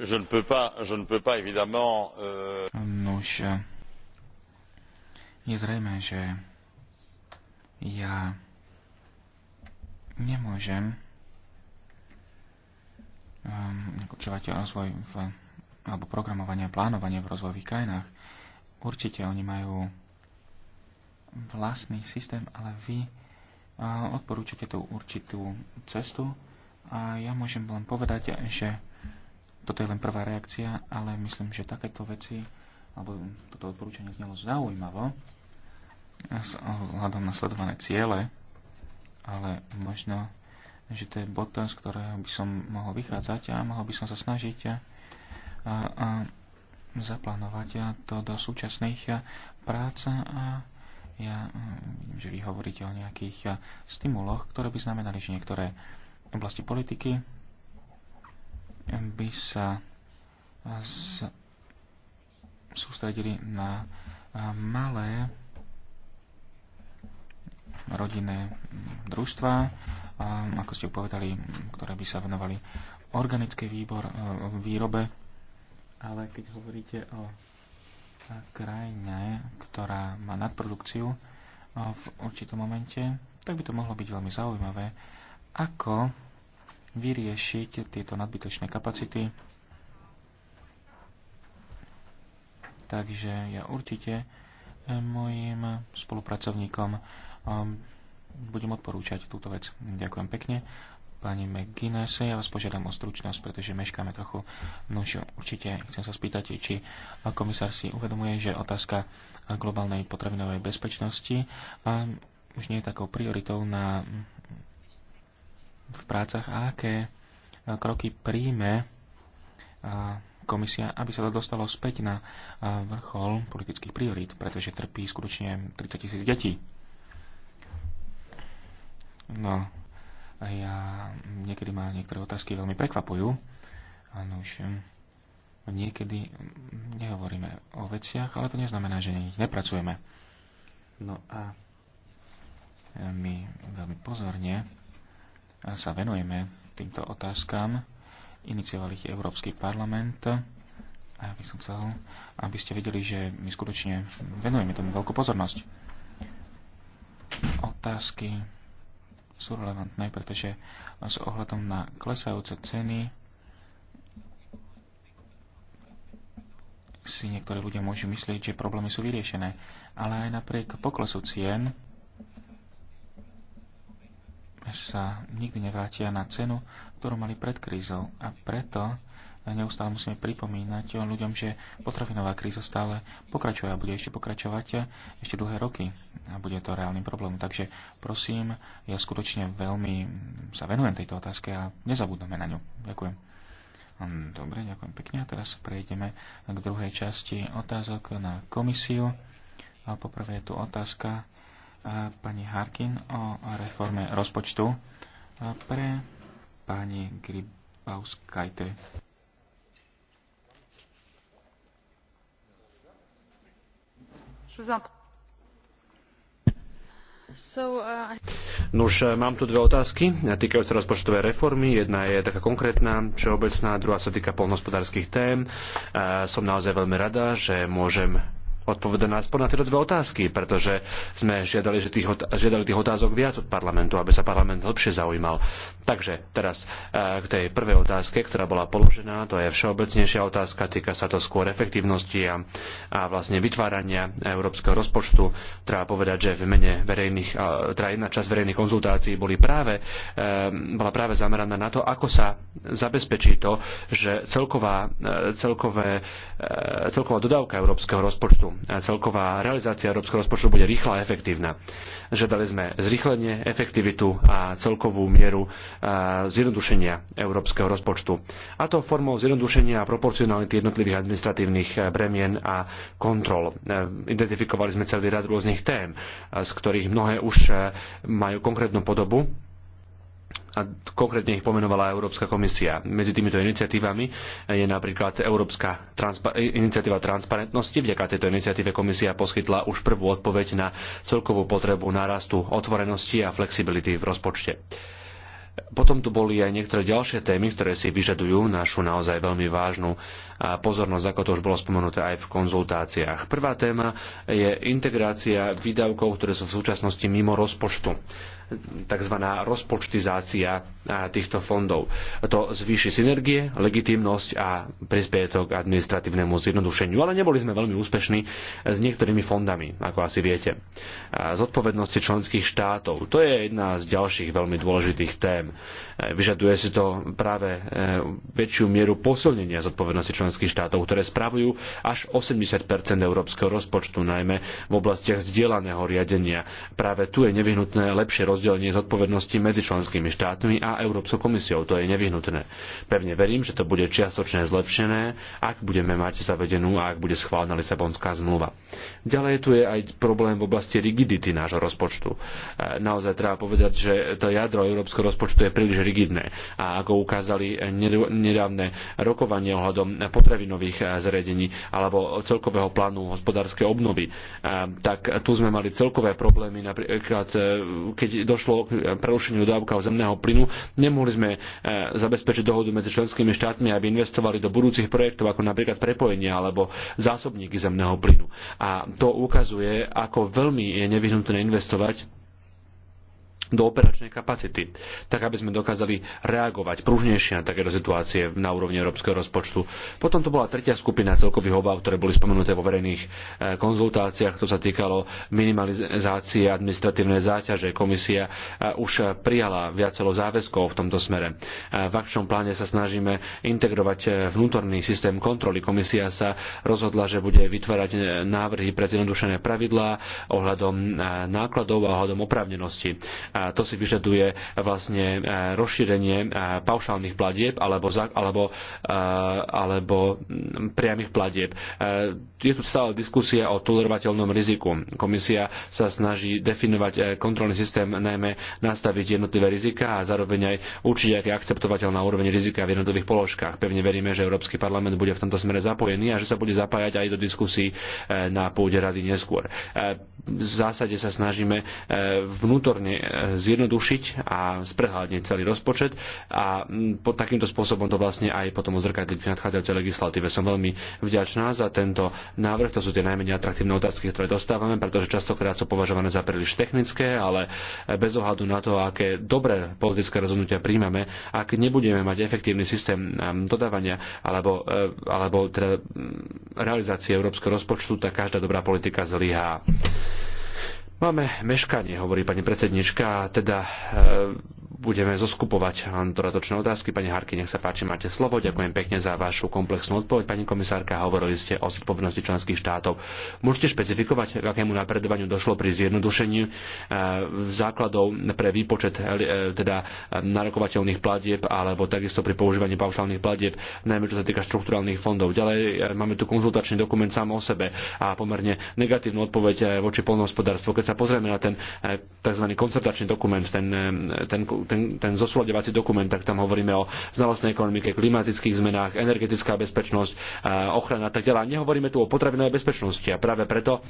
Je ne peux pas, je ne peux pas évidemment... Euh... Nož, je zrejme, že ja nemôžem určovať ehm, rozvoj v, alebo programovanie a plánovanie v rozvojových krajinách. Určite oni majú vlastný systém, ale vy odporúčate tú určitú cestu a ja môžem len povedať, že toto je len prvá reakcia, ale myslím, že takéto veci, alebo toto odporúčanie znelo zaujímavo s hľadom na sledované ciele, ale možno, že to je bod, z ktorého by som mohol vychádzať a mohol by som sa snažiť a, a zaplánovať to do súčasných prác a ja mm, vidím, že vy hovoríte o nejakých eh, stimuloch, ktoré by znamenali, že niektoré oblasti politiky by sa z, eh, sústredili na eh, malé rodinné mm, družstva, ako ste povedali, mm, ktoré by sa venovali organickej výbor, výrobe. Ale keď hovoríte o krajine, ktorá má nadprodukciu v určitom momente, tak by to mohlo byť veľmi zaujímavé, ako vyriešiť tieto nadbytočné kapacity. Takže ja určite e, mojim spolupracovníkom e, budem odporúčať túto vec. Ďakujem pekne pani McGuinness. Ja vás požiadam o stručnosť, pretože meškáme trochu. No určite chcem sa spýtať, či komisár si uvedomuje, že otázka globálnej potravinovej bezpečnosti a už nie je takou prioritou na, v prácach a aké kroky príjme komisia, aby sa to dostalo späť na vrchol politických priorít, pretože trpí skutočne 30 tisíc detí. No, ja niekedy ma niektoré otázky veľmi prekvapujú. Áno, už hm, niekedy hm, nehovoríme o veciach, ale to neznamená, že ich nepracujeme. No a hm, my veľmi pozorne sa venujeme týmto otázkam. Inicioval ich Európsky parlament. A ja by som chcel, aby ste vedeli, že my skutočne venujeme tomu veľkú pozornosť. Otázky sú relevantné, pretože s ohľadom na klesajúce ceny si niektorí ľudia môžu myslieť, že problémy sú vyriešené. Ale aj napriek poklesu cien sa nikdy nevrátia na cenu, ktorú mali pred krízou. A preto neustále musíme pripomínať ľuďom, že potravinová kríza stále pokračuje a bude ešte pokračovať ešte dlhé roky a bude to reálnym problémom. Takže prosím, ja skutočne veľmi sa venujem tejto otázke a nezabudneme na ňu. Ďakujem. Hm, dobre, ďakujem pekne. A teraz prejdeme k druhej časti otázok na komisiu. A poprvé je tu otázka pani Harkin o reforme rozpočtu pre pani Gribauskajte. Uh, Nuž, eh, mám tu dve otázky týkajú sa rozpočtovej reformy. Jedna je taká konkrétna, všeobecná, druhá sa týka polnospodárských tém. Eh, som naozaj veľmi rada, že môžem odpoveda nás na tieto dve otázky, pretože sme žiadali, že tých, žiadali tých otázok viac od parlamentu, aby sa parlament lepšie zaujímal. Takže teraz e, k tej prvej otázke, ktorá bola položená, to je všeobecnejšia otázka, týka sa to skôr efektívnosti a, a vlastne vytvárania európskeho rozpočtu. Treba povedať, že v mene verejných, teda jedna časť verejných konzultácií boli práve, e, bola práve zameraná na to, ako sa zabezpečí to, že celková, e, celkové, celková dodávka európskeho rozpočtu celková realizácia európskeho rozpočtu bude rýchla a efektívna. Žiadali sme zrýchlenie, efektivitu a celkovú mieru zjednodušenia európskeho rozpočtu. A to formou zjednodušenia a proporcionality jednotlivých administratívnych e, bremien a kontrol. E, identifikovali sme celý rad rôznych tém, z ktorých mnohé už e, majú konkrétnu podobu a konkrétne ich pomenovala Európska komisia. Medzi týmito iniciatívami je napríklad Európska transpa- iniciatíva transparentnosti. Vďaka tejto iniciatíve komisia poskytla už prvú odpoveď na celkovú potrebu nárastu otvorenosti a flexibility v rozpočte. Potom tu boli aj niektoré ďalšie témy, ktoré si vyžadujú našu naozaj veľmi vážnu pozornosť, ako to už bolo spomenuté aj v konzultáciách. Prvá téma je integrácia výdavkov, ktoré sú v súčasnosti mimo rozpočtu tzv. rozpočtizácia týchto fondov. To zvýši synergie, legitimnosť a prispieje to k administratívnemu zjednodušeniu. Ale neboli sme veľmi úspešní s niektorými fondami, ako asi viete. Zodpovednosti členských štátov. To je jedna z ďalších veľmi dôležitých tém. E, vyžaduje si to práve e, väčšiu mieru posilnenia zodpovednosti členských členských štátov, ktoré spravujú až 80 európskeho rozpočtu, najmä v oblastiach zdieľaného riadenia. Práve tu je nevyhnutné lepšie rozdelenie zodpovednosti medzi členskými štátmi a Európskou komisiou. To je nevyhnutné. Pevne verím, že to bude čiastočne zlepšené, ak budeme mať zavedenú a ak bude schválená Lisabonská zmluva. Ďalej tu je aj problém v oblasti rigidity nášho rozpočtu. E, naozaj treba povedať, že to jadro európskeho rozpočtu je príliš rigidné. A ako ukázali nedávne rokovanie ohľadom potravinových eh, zariadení alebo celkového plánu hospodárskej obnovy, eh, tak tu sme mali celkové problémy, napríklad eh, keď došlo k prerušeniu dodávka zemného plynu, nemohli sme zabezpečiť dohodu medzi členskými štátmi, aby investovali do budúcich projektov ako napríklad prepojenia alebo zásobníky zemného plynu. A to ukazuje, ako veľmi je nevyhnutné investovať do operačnej kapacity, tak aby sme dokázali reagovať pružnejšie na takéto situácie na úrovni európskeho rozpočtu. Potom to bola tretia skupina celkových obáv, ktoré boli spomenuté vo verejných e, konzultáciách. To sa týkalo minimalizácie administratívnej záťaže. Komisia e, už prijala viacelo záväzkov v tomto smere. E, v akčnom pláne sa snažíme integrovať vnútorný systém kontroly. Komisia sa rozhodla, že bude vytvárať návrhy pre zjednodušené pravidlá ohľadom nákladov a ohľadom oprávnenosti to si vyžaduje vlastne e, rozšírenie e, paušálnych platieb alebo, alebo, e, alebo priamých platieb. Je tu stále diskusia o tolerovateľnom riziku. Komisia sa snaží definovať kontrolný systém, najmä nastaviť jednotlivé rizika a zároveň aj určite aký akceptovateľná úroveň rizika v jednotlivých položkách. Pevne veríme, že Európsky parlament bude v tomto smere zapojený a že sa bude zapájať aj do diskusí na pôde rady neskôr. V zásade sa snažíme vnútorne zjednodušiť a sprehľadniť celý rozpočet a mm, pod takýmto spôsobom to vlastne aj potom ozrkadliť v nadchádzajúcej legislatíve. Som veľmi vďačná za tento návrh. To sú tie najmenej atraktívne otázky, ktoré dostávame, pretože častokrát sú považované za príliš technické, ale bez ohľadu na to, aké dobré politické rozhodnutia príjmame, ak nebudeme mať efektívny systém ehm, dodávania alebo, eh, alebo teda mm, realizácie európskeho rozpočtu, tak každá dobrá politika zlyhá. Máme meškanie, hovorí pani predsednička, teda budeme zoskupovať dodatočné otázky. Pani Harky, nech sa páči, máte slovo. Ďakujem pekne za vašu komplexnú odpoveď. Pani komisárka, hovorili ste o zodpovednosti členských štátov. Môžete špecifikovať, k akému napredovaniu došlo pri zjednodušení eh, základov pre výpočet eh, teda eh, narokovateľných platieb alebo takisto pri používaní paušálnych platieb, najmä čo sa týka štrukturálnych fondov. Ďalej máme tu konzultačný dokument sám o sebe a pomerne negatívnu odpoveď voči polnohospodárstvu. Keď sa pozrieme na ten tzv. koncertačný dokument, ten, ten ten, ten zosúľadevací dokument, tak tam hovoríme o znalostnej ekonomike, klimatických zmenách, energetická bezpečnosť, ochrana a tak ďalej. Nehovoríme tu o potravinovej bezpečnosti a práve preto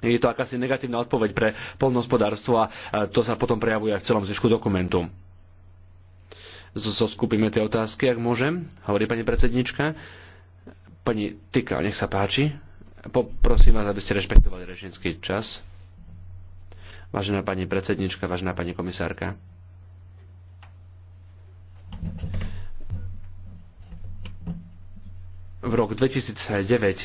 je to akási negatívna odpoveď pre polnohospodárstvo a to sa potom prejavuje aj v celom zvyšku dokumentu. Zoskupíme tie otázky, ak môžem, hovorí pani predsednička. Pani Tyka, nech sa páči. Poprosím vás, aby ste rešpektovali režimský čas. Vážená pani predsednička, vážená pani komisárka v rok 2009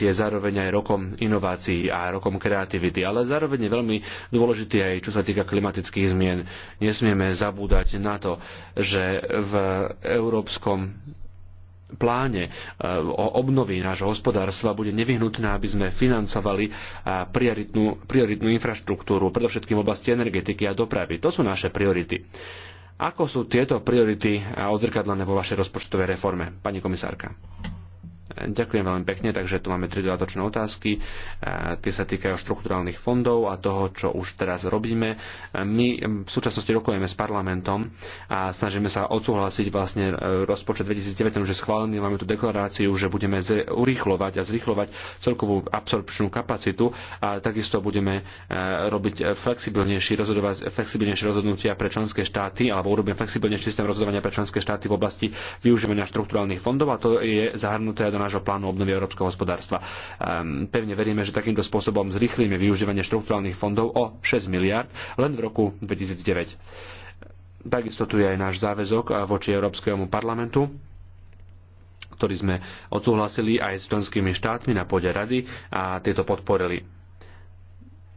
je zároveň aj rokom inovácií a rokom kreativity, ale zároveň je veľmi dôležitý aj čo sa týka klimatických zmien. Nesmieme zabúdať na to, že v európskom pláne e, o obnovy nášho hospodárstva bude nevyhnutné, aby sme financovali e, prioritnú, prioritnú infraštruktúru, predovšetkým v oblasti energetiky a dopravy. To sú naše priority. Ako sú tieto priority odzrkadlené vo vašej rozpočtovej reforme, pani komisárka? Ďakujem veľmi pekne, takže tu máme tri dodatočné otázky. E, tie sa týkajú štrukturálnych fondov a toho, čo už teraz robíme. E, my v súčasnosti rokujeme s parlamentom a snažíme sa odsúhlasiť vlastne e, rozpočet 2009, už je schválený, máme tú deklaráciu, že budeme urýchlovať a zrýchlovať celkovú absorpčnú kapacitu a takisto budeme robiť flexibilnejšie, flexibilnejšie rozhodnutia pre členské štáty alebo urobíme flexibilnejší systém rozhodovania pre členské štáty v oblasti využívania štrukturálnych fondov a to je zahrnuté do nášho plánu obnovy európskeho hospodárstva. Ehm, pevne veríme, že takýmto spôsobom zrýchlíme využívanie štrukturálnych fondov o 6 miliard len v roku 2009. Takisto tu je aj náš záväzok voči Európskemu parlamentu, ktorý sme odsúhlasili aj s členskými štátmi na pôde rady a tieto podporili.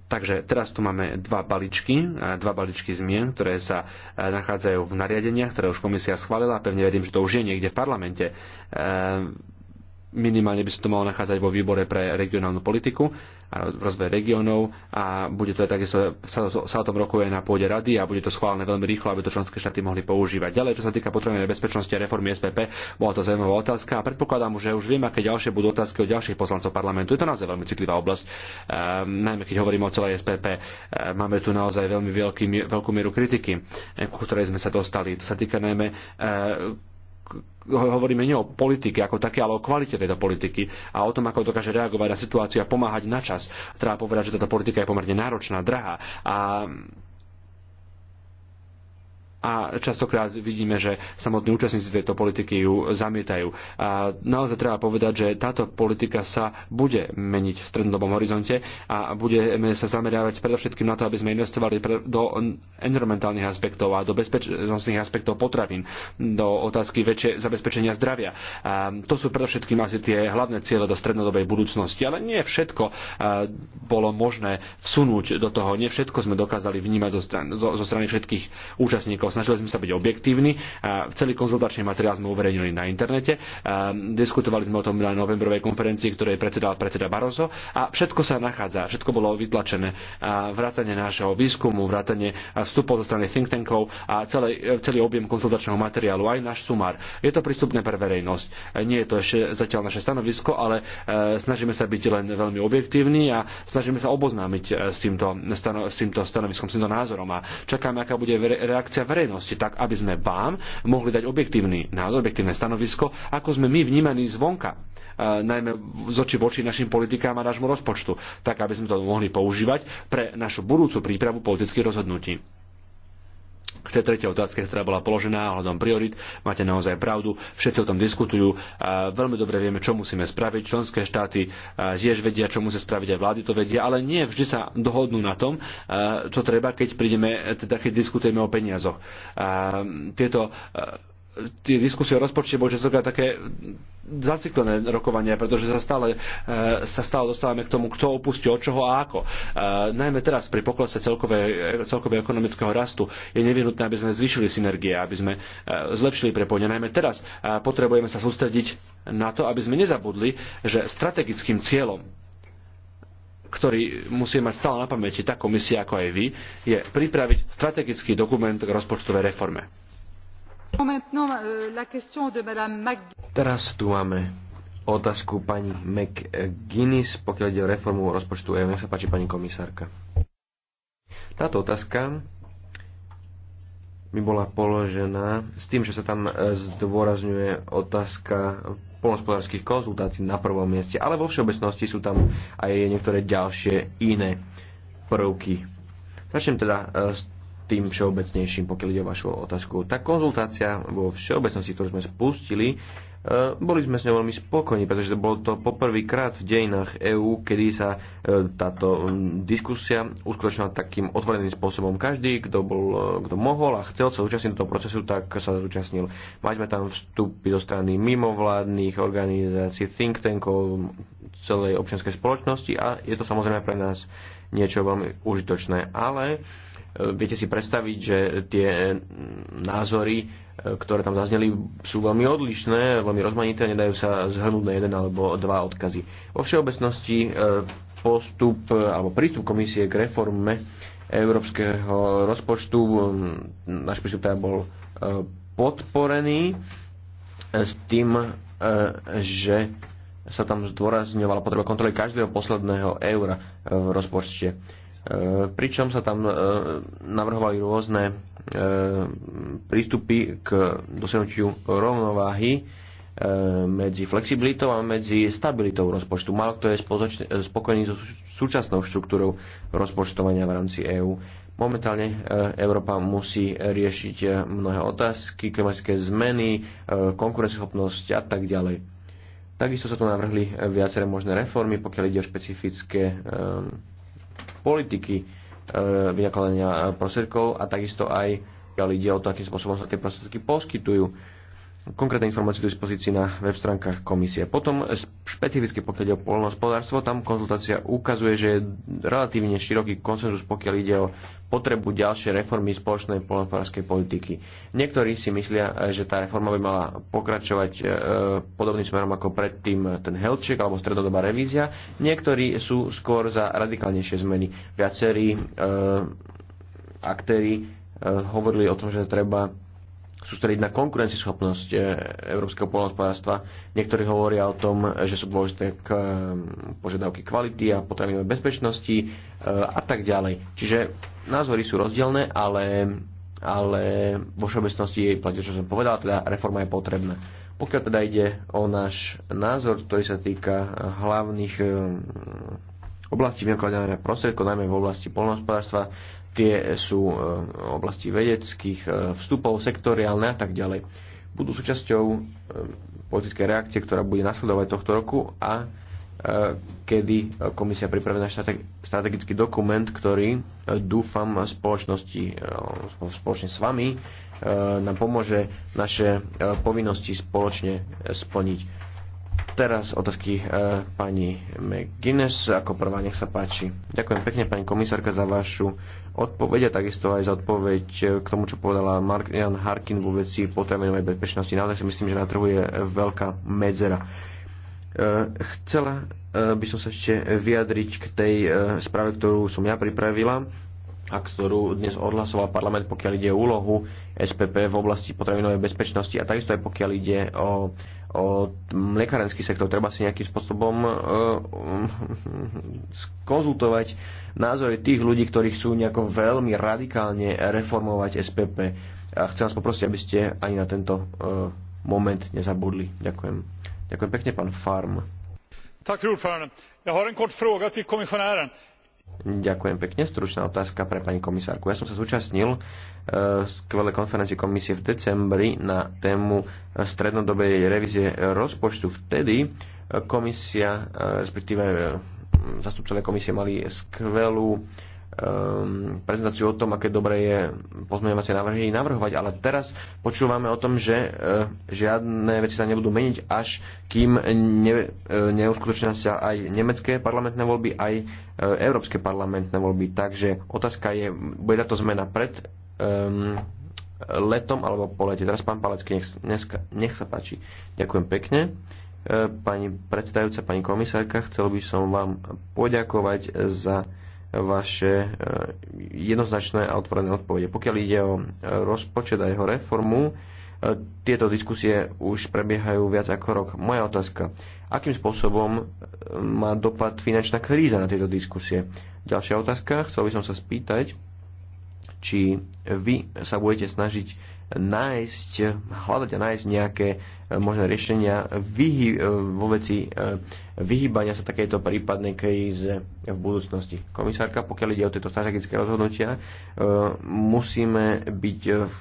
Takže teraz tu máme dva balíčky, dva balíčky zmien, ktoré sa e, nachádzajú v nariadeniach, ktoré už komisia schválila. Pevne verím, že to už je niekde v parlamente. Ehm, minimálne by sa to malo nachádzať vo výbore pre regionálnu politiku a rozvoj regiónov a bude to takisto sa, sa o tom rokuje na pôde rady a bude to schválené veľmi rýchlo, aby to členské štáty mohli používať. Ďalej, čo sa týka potrebnej bezpečnosti a reformy SPP, bola to zaujímavá otázka a predpokladám, že už viem, aké ďalšie budú otázky od ďalších poslancov parlamentu. Je to naozaj veľmi citlivá oblasť, ehm, najmä keď hovoríme o celej SPP. Ehm, máme tu naozaj veľmi veľký, veľkú mieru kritiky, ku ktorej sme sa dostali. To sa týka najmä ehm, hovoríme nie o politike ako také, ale o kvalite tejto politiky a o tom, ako dokáže reagovať na situáciu a pomáhať na čas. Treba povedať, že táto politika je pomerne náročná, drahá a a častokrát vidíme, že samotní účastníci tejto politiky ju zamietajú. A naozaj treba povedať, že táto politika sa bude meniť v strednodobom horizonte a budeme sa zameriavať predovšetkým na to, aby sme investovali do environmentálnych aspektov a do bezpečnostných aspektov potravín, do otázky väčšie zabezpečenia zdravia. A to sú predovšetkým asi tie hlavné ciele do strednodobej budúcnosti, ale nie všetko bolo možné vsunúť do toho, nie všetko sme dokázali vnímať zo strany, zo, zo strany všetkých účastníkov snažili sme sa byť objektívni. Celý konzultačný materiál sme uverejnili na internete. Diskutovali sme o tom na novembrovej konferencii, ktorej predsedal predseda Barroso a všetko sa nachádza, všetko bolo vytlačené. Vrátanie nášho výskumu, vrátanie vstupov zo strany think tankov a celý, celý objem konzultačného materiálu, aj náš sumár. Je to prístupné pre verejnosť. Nie je to ešte zatiaľ naše stanovisko, ale e, snažíme sa byť len veľmi objektívni a snažíme sa oboznámiť e, s týmto, stano, s týmto stanoviskom, s týmto názorom a čakáme, aká bude reakcia verejnosti verejnosti, tak aby sme vám mohli dať objektívny názor, objektívne stanovisko, ako sme my vnímaní zvonka e, najmä z oči voči našim politikám a nášmu rozpočtu, tak aby sme to mohli používať pre našu budúcu prípravu politických rozhodnutí. K tej tretej otázke, ktorá bola položená ohľadom priorit, máte naozaj pravdu, všetci o tom diskutujú. A veľmi dobre vieme, čo musíme spraviť. Členské štáty tiež vedia, čo musia spraviť, aj vlády to vedia, ale nie vždy sa dohodnú na tom, čo treba, keď prídeme, teda keď diskutujeme o peniazoch. A tieto tie diskusie o rozpočte boli zrovna také zaciklené rokovania, pretože sa stále, e, sa stále dostávame k tomu, kto opustí od čoho a ako. E, najmä teraz pri poklese celkového ekonomického rastu je nevyhnutné, aby sme zvýšili synergie, aby sme e, zlepšili prepojenie. Najmä teraz potrebujeme sa sústrediť na to, aby sme nezabudli, že strategickým cieľom ktorý musí mať stále na pamäti tá komisia ako aj vy, je pripraviť strategický dokument k rozpočtovej reforme Euh, Teraz tu máme otázku pani McGuinness, pokiaľ ide o reformu rozpočtu EU. Nech sa páči, pani komisárka. Táto otázka mi bola položená s tým, že sa tam e, zdôrazňuje otázka polnospodárských konzultácií na prvom mieste, ale vo všeobecnosti sú tam aj niektoré ďalšie iné prvky. Začnem teda e, s tým všeobecnejším, pokiaľ ide o vašu otázku. Tá konzultácia vo všeobecnosti, ktorú sme spustili, e, boli sme s ňou veľmi spokojní, pretože to bolo to poprvýkrát v dejinách EÚ, kedy sa e, táto diskusia uskutočnila takým otvoreným spôsobom. Každý, kto, bol, e, kto mohol a chcel sa zúčastniť do toho procesu, tak sa zúčastnil. Mali sme tam vstupy zo strany mimovládnych organizácií, think tankov, celej občianskej spoločnosti a je to samozrejme pre nás niečo veľmi užitočné. Ale Viete si predstaviť, že tie názory, e, ktoré tam zazneli, sú veľmi odlišné, veľmi rozmanité, nedajú sa zhrnúť na jeden alebo dva odkazy. Vo všeobecnosti e, postup e, alebo prístup komisie k reforme európskeho rozpočtu, náš prístup teda bol podporený s tým, že sa tam zdôrazňovala potreba kontroly každého posledného eura v rozpočte. E, pričom sa tam e, navrhovali rôzne e, prístupy k dosiahnutiu rovnováhy medzi flexibilitou a medzi stabilitou rozpočtu. Málo kto je spokojný so súčasnou štruktúrou rozpočtovania v rámci EÚ. Momentálne Európa musí riešiť mnohé otázky, klimatické zmeny, konkurenceschopnosť a tak ďalej. Takisto sa tu navrhli viaceré možné reformy, pokiaľ ide o špecifické politiky e, vynakladania e, prostriedkov a takisto aj ide o to, akým spôsobom sa tie prostriedky poskytujú konkrétne informácie do dispozícii na web stránkach komisie. Potom e, špecificky pokiaľ ide o polnohospodárstvo, tam konzultácia ukazuje, že je relatívne široký konsenzus, pokiaľ ide o potrebu ďalšej reformy spoločnej polnohospodárskej politiky. Niektorí si myslia, e, že tá reforma by mala pokračovať e, podobným smerom ako predtým ten helček alebo stredodobá revízia. Niektorí sú skôr za radikálnejšie zmeny. Viacerí e, aktéry e, hovorili o tom, že treba sústrediť na konkurencieschopnosť e, európskeho poľnohospodárstva. Niektorí hovoria o tom, že sú dôležité k e, požiadavky kvality a potravinovej bezpečnosti e, a tak ďalej. Čiže názory sú rozdielne, ale, ale vo všeobecnosti jej platí, čo som povedal, teda reforma je potrebná. Pokiaľ teda ide o náš názor, ktorý sa týka hlavných oblasti vynakladania prostriedkov, najmä v oblasti poľnohospodárstva. Tie sú e, oblasti vedeckých e, vstupov, sektoriálne a tak ďalej. Budú súčasťou e, politickej reakcie, ktorá bude nasledovať tohto roku a kedy komisia pripraví na strategický dokument, ktorý dúfam spoločnosti, spoločne s vami nám pomôže naše povinnosti spoločne splniť. Teraz otázky pani McGuinness. Ako prvá, nech sa páči. Ďakujem pekne, pani komisárka, za vašu odpoveď a takisto aj za odpoveď eh, k tomu, čo povedala Jan Harkin vo veci potravinovej bezpečnosti. Naozaj si myslím, že na trhu je veľká medzera. Eh, chcela eh, by som sa ešte vyjadriť k tej správe, ktorú som ja pripravila a ktorú dnes odhlasoval parlament, pokiaľ ide o úlohu SPP v oblasti potravinovej bezpečnosti a takisto aj pokiaľ ide o, o mliekarenský sektor. Treba si nejakým spôsobom uh, skonzultovať názory tých ľudí, ktorí chcú nejako veľmi radikálne reformovať SPP. A chcem vás poprosiť, aby ste ani na tento uh, moment nezabudli. Ďakujem. Ďakujem pekne, pán Farm. Tak, ordförande. har en kort fråga till kommissionären. Ďakujem pekne. Stručná otázka pre pani komisárku. Ja som sa zúčastnil e, skvelé konferencie komisie v decembri na tému e, strednodobej revízie rozpočtu. Vtedy e, komisia, respektíve zastupcovia komisie mali skvelú Um, prezentáciu o tom, aké dobre je pozmeňovacie návrhy navrhovať, ale teraz počúvame o tom, že uh, žiadne veci sa nebudú meniť, až kým ne, uh, neuskutočnia sa aj nemecké parlamentné voľby, aj uh, európske parlamentné voľby. Takže otázka je, bude táto zmena pred um, letom alebo po lete. Teraz pán Palecký, nech, nech, nech sa páči. Ďakujem pekne pani predstavujúca, pani komisárka, chcel by som vám poďakovať za vaše e, jednoznačné a otvorené odpovede. Pokiaľ ide o rozpočet a jeho reformu, e, tieto diskusie už prebiehajú viac ako rok. Moja otázka, akým spôsobom e, má dopad finančná kríza na tieto diskusie? Ďalšia otázka, chcel by som sa spýtať, či vy sa budete snažiť nájsť, hľadať a nájsť nejaké možné riešenia vyhy- e, vo veci e, vyhýbania sa takejto prípadnej kríze v budúcnosti. Komisárka, pokiaľ ide o tieto strategické rozhodnutia, e, musíme byť v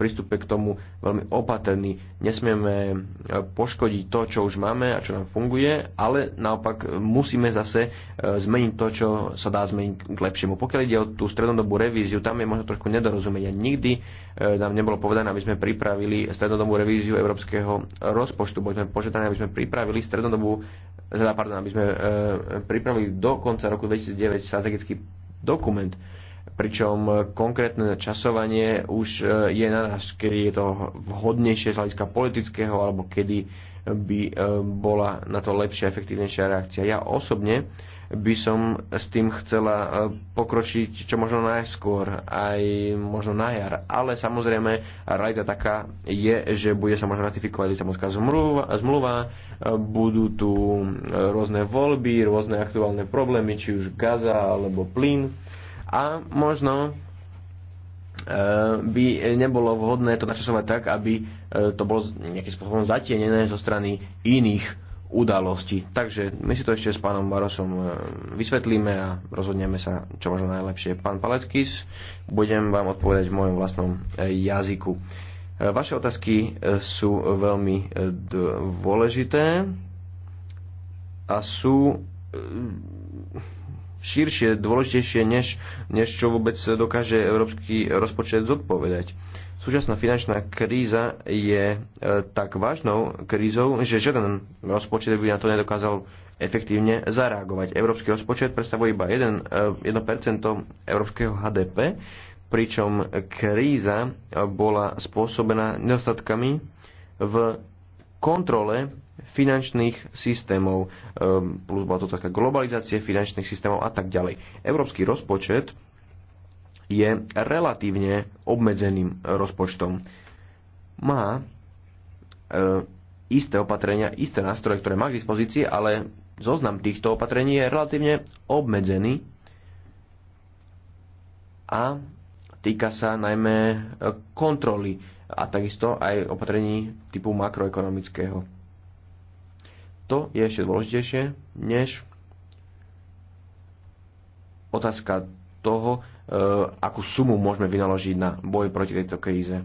prístupe k tomu veľmi opatrní. Nesmieme poškodiť to, čo už máme a čo nám funguje, ale naopak musíme zase zmeniť to, čo sa dá zmeniť k lepšiemu. Pokiaľ ide o tú strednodobú revíziu, tam je možno trošku nedorozumenia. Nikdy nám nebolo povedané, aby sme pripravili strednodobú revíziu Európskej európskeho rozpočtu. Boli sme požiadaní, aby sme pripravili strednodobú, teda, pardon, aby sme e, pripravili do konca roku 2009 strategický dokument, pričom konkrétne časovanie už e, je na nás, kedy je to vhodnejšie z hľadiska politického alebo kedy by e, bola na to lepšia, efektívnejšia reakcia. Ja osobne by som s tým chcela e, pokročiť čo možno najskôr, aj možno na jar. Ale samozrejme, rajda taká je, že bude sa možno ratifikovať Lisabonská zmluva, zmluva, e, budú tu e, rôzne voľby, rôzne aktuálne problémy, či už Gaza alebo plyn. A možno by nebolo vhodné to načasovať tak, aby to bolo nejakým spôsobom zatienené zo strany iných udalosti. Takže my si to ešte s pánom Barosom e, vysvetlíme a rozhodneme sa, čo možno najlepšie. Pán Paleckis, budem vám odpovedať v mojom vlastnom e, jazyku. E, vaše otázky sú veľmi dôležité a sú širšie, dôležitejšie, než, než čo vôbec dokáže európsky rozpočet zodpovedať Súčasná finančná kríza je e, tak vážnou krízou, že žiaden rozpočet by na to nedokázal efektívne zareagovať. Európsky rozpočet predstavuje iba 1, 1% e, európskeho HDP, pričom kríza bola spôsobená nedostatkami v kontrole finančných systémov, e, plus bola to taká globalizácia finančných systémov a tak ďalej. Európsky rozpočet je relatívne obmedzeným rozpočtom. Má e, isté opatrenia, isté nástroje, ktoré má k dispozícii, ale zoznam týchto opatrení je relatívne obmedzený a týka sa najmä e, kontroly a takisto aj opatrení typu makroekonomického. To je ešte dôležitejšie než otázka toho, Eh, akú sumu môžeme vynaložiť na boj proti tejto kríze.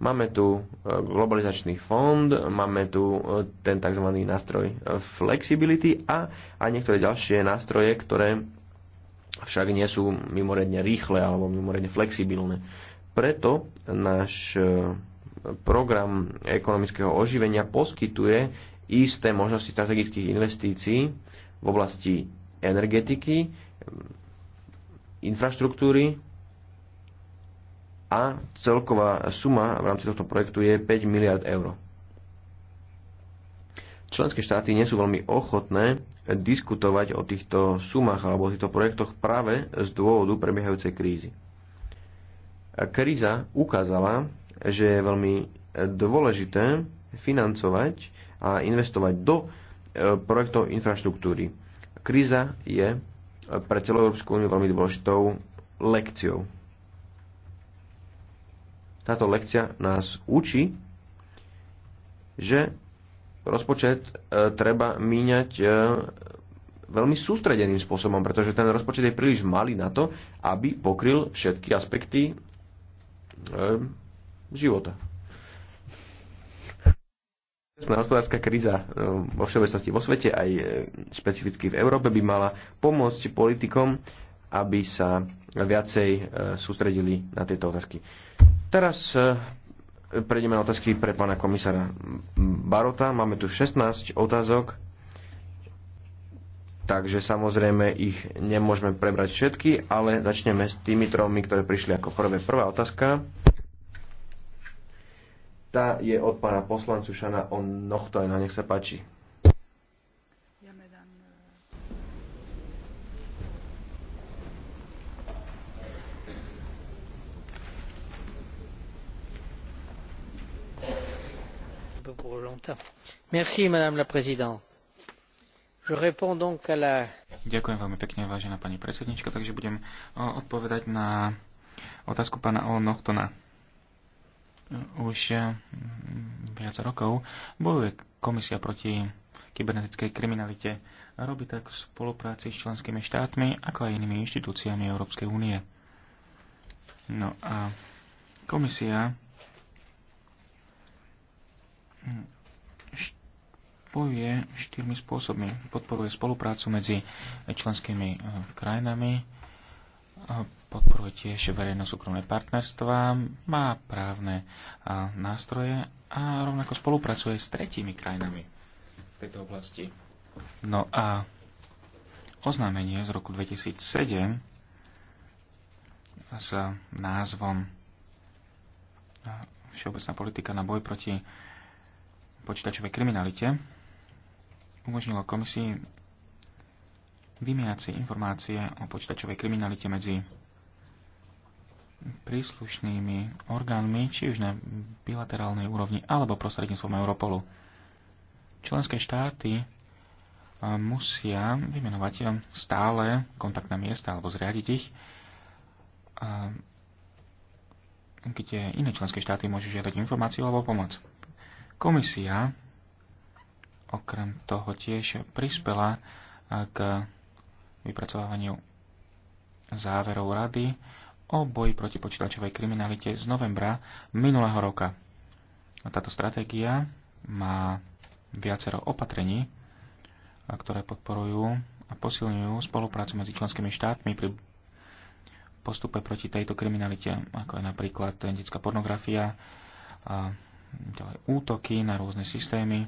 Máme tu eh, globalizačný fond, máme tu eh, ten tzv. nástroj flexibility a aj niektoré ďalšie nástroje, ktoré však nie sú mimoriadne rýchle alebo mimoriadne flexibilné. Preto náš program ekonomického oživenia poskytuje isté možnosti strategických investícií v oblasti energetiky, infraštruktúry a celková suma v rámci tohto projektu je 5 miliard eur. Členské štáty nie sú veľmi ochotné diskutovať o týchto sumách alebo o týchto projektoch práve z dôvodu prebiehajúcej krízy. Kríza ukázala, že je veľmi dôležité financovať a investovať do e, projektov infraštruktúry. Kríza je pre celú Európsku úniu veľmi dôležitou lekciou. Táto lekcia nás učí, že rozpočet e, treba míňať e, veľmi sústredeným spôsobom, pretože ten rozpočet je príliš malý na to, aby pokryl všetky aspekty e, života. Súčasná hospodárska kríza e, vo všeobecnosti vo svete, aj e, špecificky v Európe, by mala pomôcť politikom, aby sa viacej e, sústredili na tieto otázky. Teraz prejdeme na otázky pre pána komisára Barota. Máme tu 16 otázok, takže samozrejme ich nemôžeme prebrať všetky, ale začneme s tými tromi, ktoré prišli ako prvé. Prvá otázka. Tá je od pána poslancu Šana on Nochtojna. Nech sa páči. Merci, madame la présidente. Je réponds donc à la... Ďakujem veľmi pekne, vážená pani predsednička, takže budem odpovedať na otázku pána O. Nochtona už eh, viac rokov bojuje komisia proti kybernetickej kriminalite a robí tak v spolupráci s členskými štátmi ako aj inými inštitúciami Európskej únie. No a komisia hm, bojuje štyrmi spôsobmi. Podporuje spoluprácu medzi členskými eh, krajinami, podporuje tiež verejno-súkromné partnerstva, má právne nástroje a rovnako spolupracuje s tretími krajinami v tejto oblasti. No a oznámenie z roku 2007 s názvom Všeobecná politika na boj proti počítačovej kriminalite umožnilo komisii vymieňať si informácie o počítačovej kriminalite medzi príslušnými orgánmi, či už na bilaterálnej úrovni, alebo prostredníctvom Europolu. Členské štáty musia vymenovať stále kontaktné miesta alebo zriadiť ich, kde iné členské štáty môžu žiadať informáciu alebo pomoc. Komisia okrem toho tiež prispela k vypracovávaniu záverov rady o boji proti počítačovej kriminalite z novembra minulého roka. Táto stratégia má viacero opatrení, ktoré podporujú a posilňujú spoluprácu medzi členskými štátmi pri postupe proti tejto kriminalite, ako je napríklad detská pornografia, a ďalej útoky na rôzne systémy,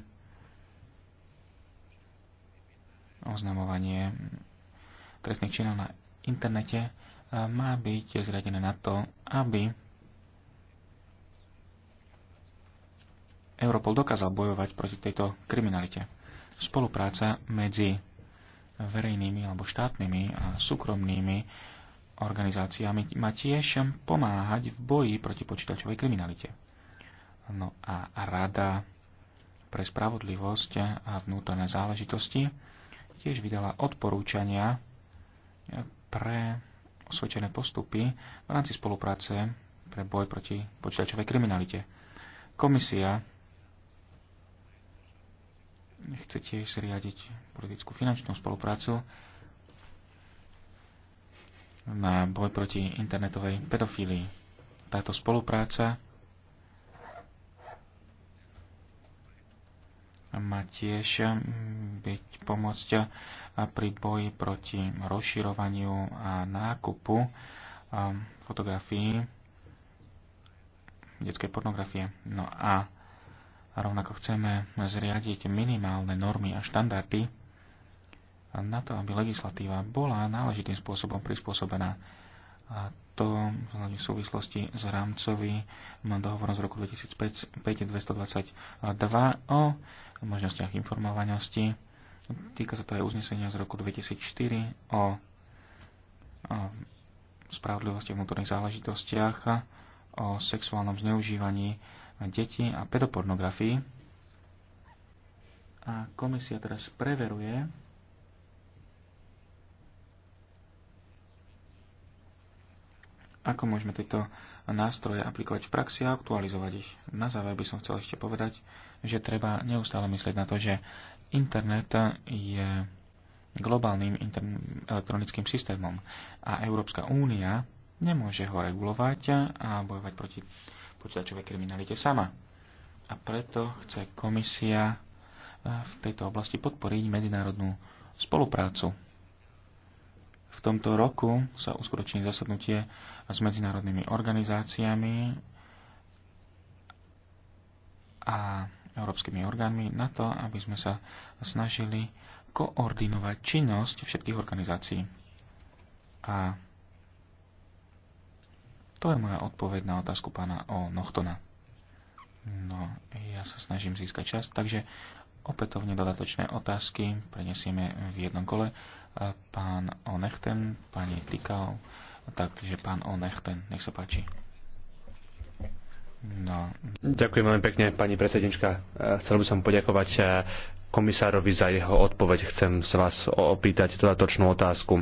oznamovanie trestných činov na internete e, má byť zradené na to, aby Europol dokázal bojovať proti tejto kriminalite. Spolupráca medzi verejnými alebo štátnymi a súkromnými organizáciami má tiež pomáhať v boji proti počítačovej kriminalite. No a Rada pre spravodlivosť a vnútorné záležitosti tiež vydala odporúčania pre osvedčené postupy v rámci spolupráce pre boj proti počítačovej kriminalite. Komisia chce tiež zriadiť politickú finančnú spoluprácu na boj proti internetovej pedofílii. Táto spolupráca má tiež mm, byť pomôcť a pri boji proti rozširovaniu a nákupu um, fotografií detskej pornografie. No a rovnako chceme zriadiť minimálne normy a štandardy na to, aby legislatíva bola náležitým spôsobom prispôsobená. A to v súvislosti s rámcovým dohovorom z roku 2005-222 o možnostiach informovanosti Týka sa to aj uznesenia z roku 2004 o, o spravodlivosti v vnútorných záležitostiach, o sexuálnom zneužívaní detí a pedopornografii. A komisia teraz preveruje, ako môžeme tieto nástroje aplikovať v praxi a aktualizovať ich. Na záver by som chcel ešte povedať, že treba neustále myslieť na to, že Internet je globálnym elektronickým systémom a Európska únia nemôže ho regulovať a bojovať proti počítačovej kriminalite sama. A preto chce komisia e, v tejto oblasti podporiť medzinárodnú spoluprácu. V tomto roku sa uskutoční zasadnutie s medzinárodnými organizáciami a európskymi orgánmi na to, aby sme sa snažili koordinovať činnosť všetkých organizácií. A to je moja odpoveď na otázku pána O. Nochtona. No, ja sa snažím získať čas, takže opätovne dodatočné otázky prenesieme v jednom kole. Pán Onechten, pani Tikal, takže pán Onechten, nech sa páči. No. Ďakujem veľmi pekne, pani predsednička. Chcel by som poďakovať eh, komisárovi za jeho odpoveď. Chcem sa vás opýtať dodatočnú otázku.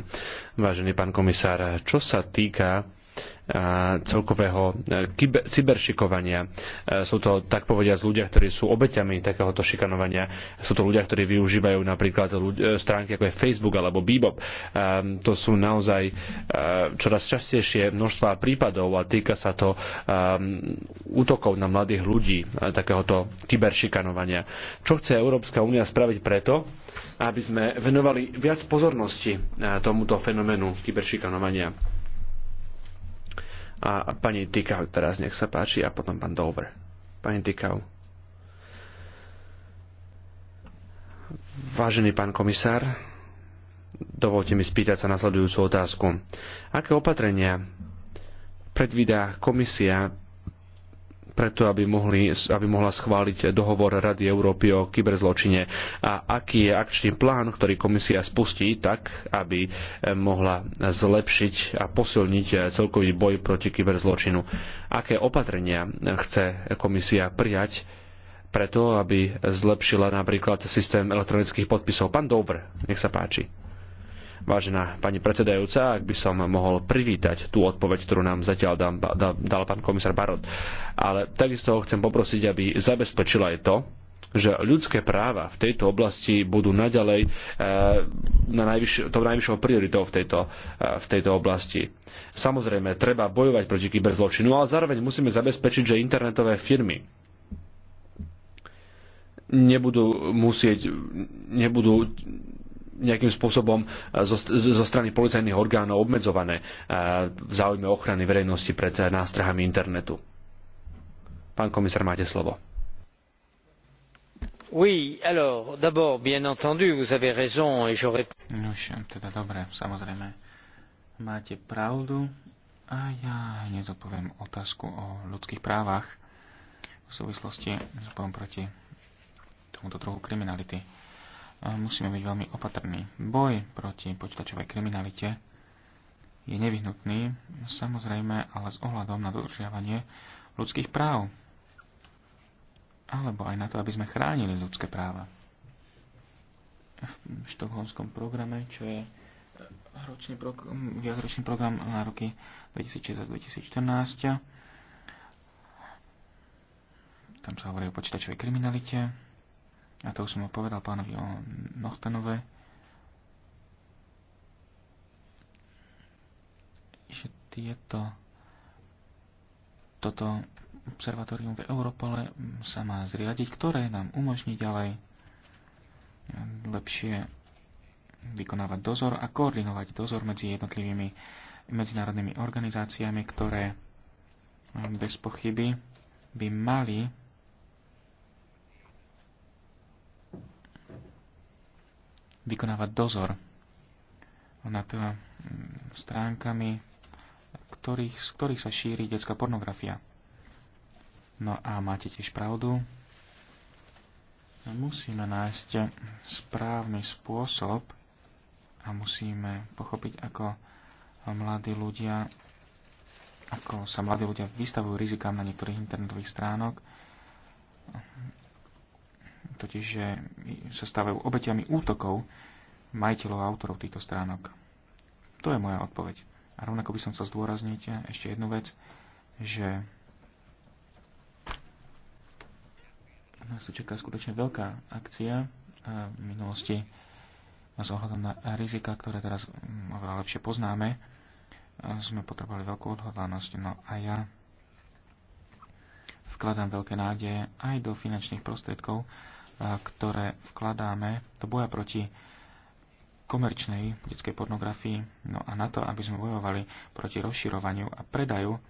Vážený pán komisár, čo sa týka celkového e, cyberšikovania. E, sú to, tak povediať, ľudia, ktorí sú obeťami takéhoto šikanovania. Sú to ľudia, ktorí využívajú napríklad e, stránky ako je Facebook alebo Bebop. To sú naozaj čoraz častejšie množstva prípadov a týka sa to útokov na mladých ľudí takéhoto kyberšikanovania. Čo chce Európska únia spraviť preto, aby sme venovali viac pozornosti tomuto fenoménu kyberšikanovania? A pani Tikau teraz, nech sa páči, a potom pán Dover. Pani Tikau. Vážený pán komisár, dovolte mi spýtať sa nasledujúcu otázku. Aké opatrenia predvídá komisia preto, aby, mohli, aby mohla schváliť dohovor Rady Európy o kyberzločine a aký je akčný plán, ktorý komisia spustí tak, aby eh, mohla zlepšiť a posilniť eh, celkový boj proti kyberzločinu. Aké opatrenia eh, chce komisia prijať preto, aby zlepšila napríklad systém elektronických podpisov. Pán Dobr, nech sa páči. Vážená pani predsedajúca, ak by som mohol privítať tú odpoveď, ktorú nám zatiaľ dám, dá, dal pán komisár Barot. Ale takisto ho chcem poprosiť, aby zabezpečila aj to, že ľudské práva v tejto oblasti budú naďalej eh, na najvyš- tou najvyššou prioritou v tejto, eh, v tejto oblasti. Samozrejme, treba bojovať proti kyberzločinu, ale zároveň musíme zabezpečiť, že internetové firmy nebudú musieť, nebudú nejakým spôsobom e, zo, zo strany policajných orgánov obmedzované e, v záujme ochrany verejnosti pred e, nástrahami internetu. Pán komisár, máte slovo. Oui, alors, d'abord, bien entendu, vous avez raison et j'aurais... No, teda dobre, samozrejme, máte pravdu a ja nezopoviem otázku o ľudských právach v súvislosti s proti tomuto druhu kriminality musíme byť veľmi opatrní. Boj proti počítačovej kriminalite je nevyhnutný, samozrejme, ale s ohľadom na dodržiavanie ľudských práv. Alebo aj na to, aby sme chránili ľudské práva. V štokholmskom programe, čo je ročný viacročný program na roky 2016-2014, tam sa hovorí o počítačovej kriminalite, a to už som povedal pánovi o Nochtanove, že tieto, toto observatórium v Europole sa má zriadiť, ktoré nám umožní ďalej lepšie vykonávať dozor a koordinovať dozor medzi jednotlivými medzinárodnými organizáciami, ktoré bez pochyby by mali vykonávať dozor nad eh, stránkami, ktorých, z ktorých sa šíri detská pornografia. No a máte tiež pravdu. Musíme nájsť správny spôsob a musíme pochopiť, ako mladí ľudia ako sa mladí ľudia vystavujú rizikám na niektorých internetových stránok, totiž že sa stávajú obeťami útokov majiteľov a autorov týchto stránok. To je moja odpoveď. A rovnako by som sa zdôrazniť ešte jednu vec, že nás tu čaká skutočne veľká akcia a v minulosti s ohľadom na rizika, ktoré teraz mm, oveľa lepšie poznáme, sme potrebovali veľkú odhodlanosť. No a ja vkladám veľké nádeje aj do finančných prostriedkov, ktoré vkladáme do boja proti komerčnej detskej pornografii. No a na to, aby sme bojovali proti rozširovaniu a predaju e,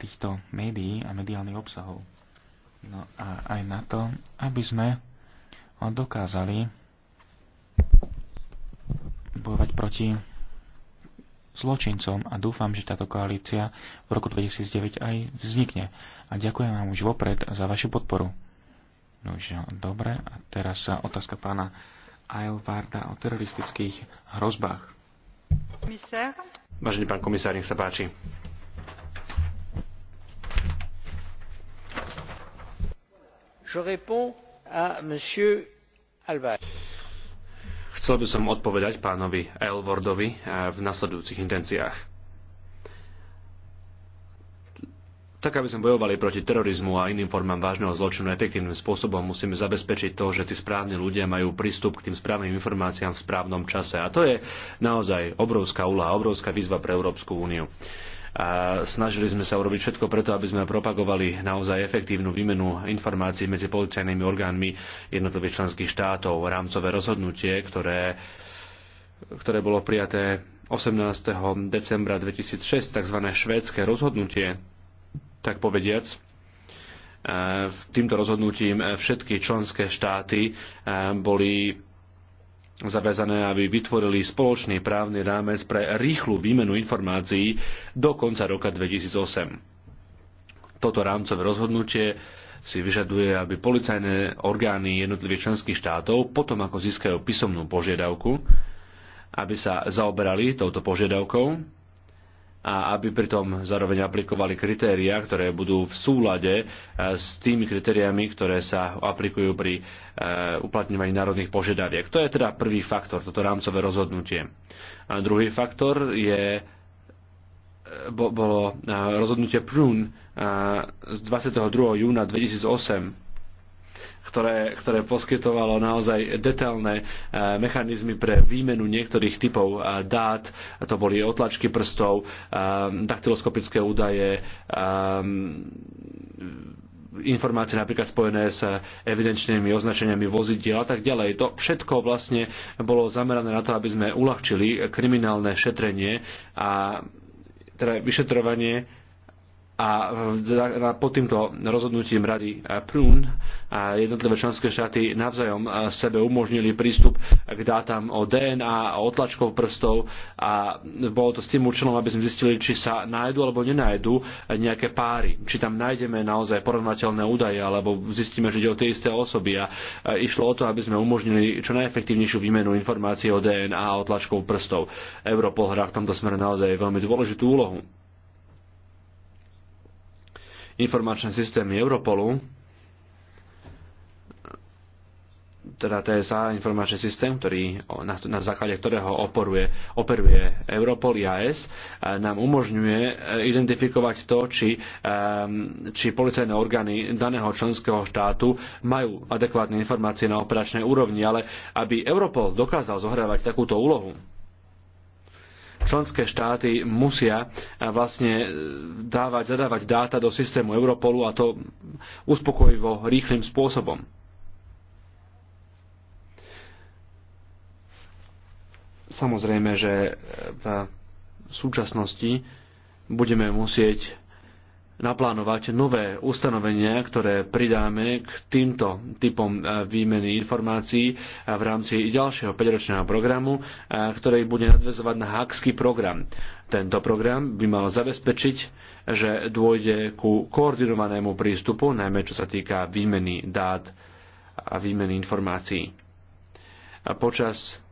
týchto médií a mediálnych obsahov. No a aj na to, aby sme dokázali bojovať proti zločincom a dúfam, že táto koalícia v roku 2009 aj vznikne. A ďakujem vám už vopred za vašu podporu. No už dobre, a teraz sa otázka pána Ailvarda o teroristických hrozbách. Komisár? Vážený pán komisár, nech sa páči. Je réponds à monsieur Alvar. Chcel by som odpovedať pánovi Elvordovi eh, v nasledujúcich intenciách Tak, aby sme bojovali proti terorizmu a iným formám vážneho zločinu efektívnym spôsobom, musíme zabezpečiť to, že tí správni ľudia majú prístup k tým správnym informáciám v správnom čase. A to je naozaj obrovská úloha, obrovská výzva pre Európsku úniu. A snažili sme sa urobiť všetko preto, aby sme propagovali naozaj efektívnu výmenu informácií medzi policajnými orgánmi jednotlivých členských štátov. Rámcové rozhodnutie, ktoré, ktoré bolo prijaté 18. decembra 2006, tzv. švédske rozhodnutie, tak povediac, e, týmto rozhodnutím všetky členské štáty e, boli zaviazané, aby vytvorili spoločný právny rámec pre rýchlu výmenu informácií do konca roka 2008. Toto rámcové rozhodnutie si vyžaduje, aby policajné orgány jednotlivých členských štátov potom, ako získajú písomnú požiadavku, aby sa zaoberali touto požiadavkou a aby pritom zároveň aplikovali kritériá, ktoré budú v súlade eh, s tými kritériami, ktoré sa aplikujú pri eh, uplatňovaní národných požiadaviek. To je teda prvý faktor, toto rámcové rozhodnutie. A druhý faktor je eh, bolo rozhodnutie Prún z 22. júna 2008 ktoré, ktoré poskytovalo naozaj detailné e, mechanizmy pre výmenu niektorých typov e, dát. To boli otlačky prstov, e, daktyloskopické údaje, informácie napríklad spojené s evidenčnými označeniami vozidiel a tak ďalej. To všetko vlastne bolo zamerané na to, aby sme uľahčili kriminálne šetrenie a teda vyšetrovanie a e, pod týmto rozhodnutím Rady e, Prún a jednotlivé členské štáty navzájom e, sebe umožnili prístup k dátam o DNA, o otlačkov prstov a bolo to s tým účelom, aby sme zistili, či sa nájdu alebo nenájdu nejaké páry. Či tam nájdeme naozaj porovnateľné údaje alebo zistíme, že ide o tie isté osoby. A išlo o to, aby sme umožnili čo najefektívnejšiu výmenu informácií o DNA a otlačkov prstov. Europol hrá v tomto smere naozaj veľmi dôležitú úlohu informačné systémy Europolu, teda TSA informačný systém, ktorý, na, na základe ktorého oporuje, operuje Europol IAS, e, nám umožňuje e, identifikovať to, či, e, či policajné orgány daného členského štátu majú adekvátne informácie na operačnej úrovni, ale aby Europol dokázal zohrávať takúto úlohu, členské štáty musia eh, vlastne eh, dávať, zadávať dáta do systému Europolu a to uspokojivo rýchlým spôsobom. Samozrejme, že v súčasnosti budeme musieť naplánovať nové ustanovenia, ktoré pridáme k týmto typom e, výmeny informácií e, v rámci ďalšieho 5-ročného programu, e, ktorý bude nadvezovať na Hakský program. Tento program by mal zabezpečiť, že dôjde ku koordinovanému prístupu, najmä čo sa týka výmeny dát a výmeny informácií. A počas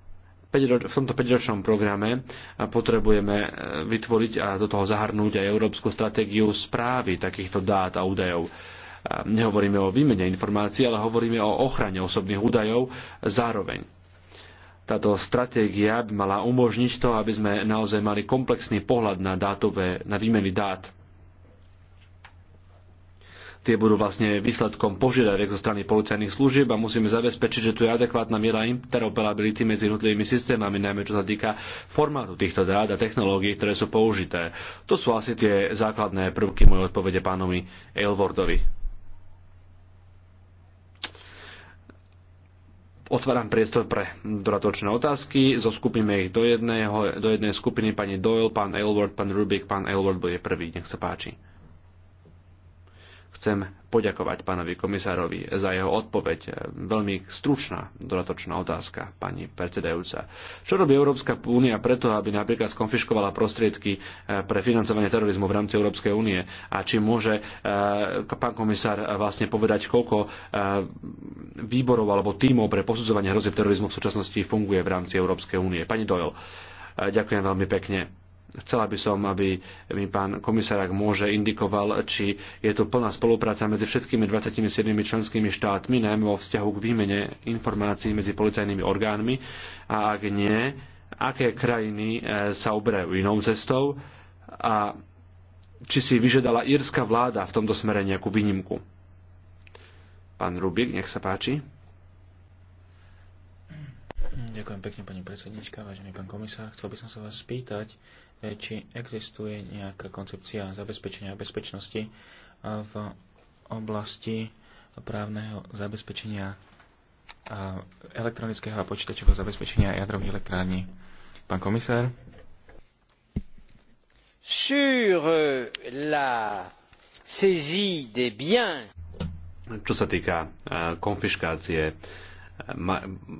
v tomto 5-ročnom programe e, potrebujeme e, vytvoriť a do toho zahrnúť aj európsku stratégiu správy takýchto dát a údajov. E, nehovoríme o výmene informácií, ale hovoríme o ochrane osobných údajov zároveň. Táto stratégia by mala umožniť to, aby sme naozaj mali komplexný pohľad na, dátové, na výmeny dát Tie budú vlastne výsledkom požiadaviek zo strany policajných služieb a musíme zabezpečiť, že tu je adekvátna miera interoperability medzi jednotlivými systémami, najmä čo sa týka formátu týchto dát a technológií, ktoré sú použité. To sú asi tie základné prvky mojej odpovede pánovi Elwardovi. Otváram priestor pre dodatočné otázky, zoskupíme ich do, jedného, do jednej skupiny, pani Doyle, pán Aylward, pán Rubik, pán Elward bude prvý, nech sa páči. Chcem poďakovať pánovi komisárovi za jeho odpoveď. Veľmi stručná dodatočná otázka, pani predsedajúca. Čo robí Európska únia preto, aby napríklad skonfiškovala prostriedky eh, pre financovanie terorizmu v rámci Európskej únie? A či môže eh, pán komisár vlastne povedať, koľko eh, výborov alebo tímov pre posudzovanie hrozieb terorizmu v súčasnosti funguje v rámci Európskej únie? Pani Doyle, ďakujem veľmi pekne. Chcela by som, aby mi pán komisár, ak môže, indikoval, či je tu plná spolupráca medzi všetkými 27 členskými štátmi, najmä vo vzťahu k výmene informácií medzi policajnými orgánmi a ak nie, aké krajiny e, sa uberajú inou cestou a či si vyžadala írska vláda v tomto smere nejakú výnimku. Pán Rubik, nech sa páči. Ďakujem pekne, pani predsednička, vážený pán komisár. Chcel by som sa vás spýtať, či existuje nejaká koncepcia zabezpečenia bezpečnosti v oblasti právneho zabezpečenia elektronického a počítačového zabezpečenia jadrových elektrární. Pán komisár? Sur uh, la saisie des biens. Čo sa týka uh, konfiškácie uh,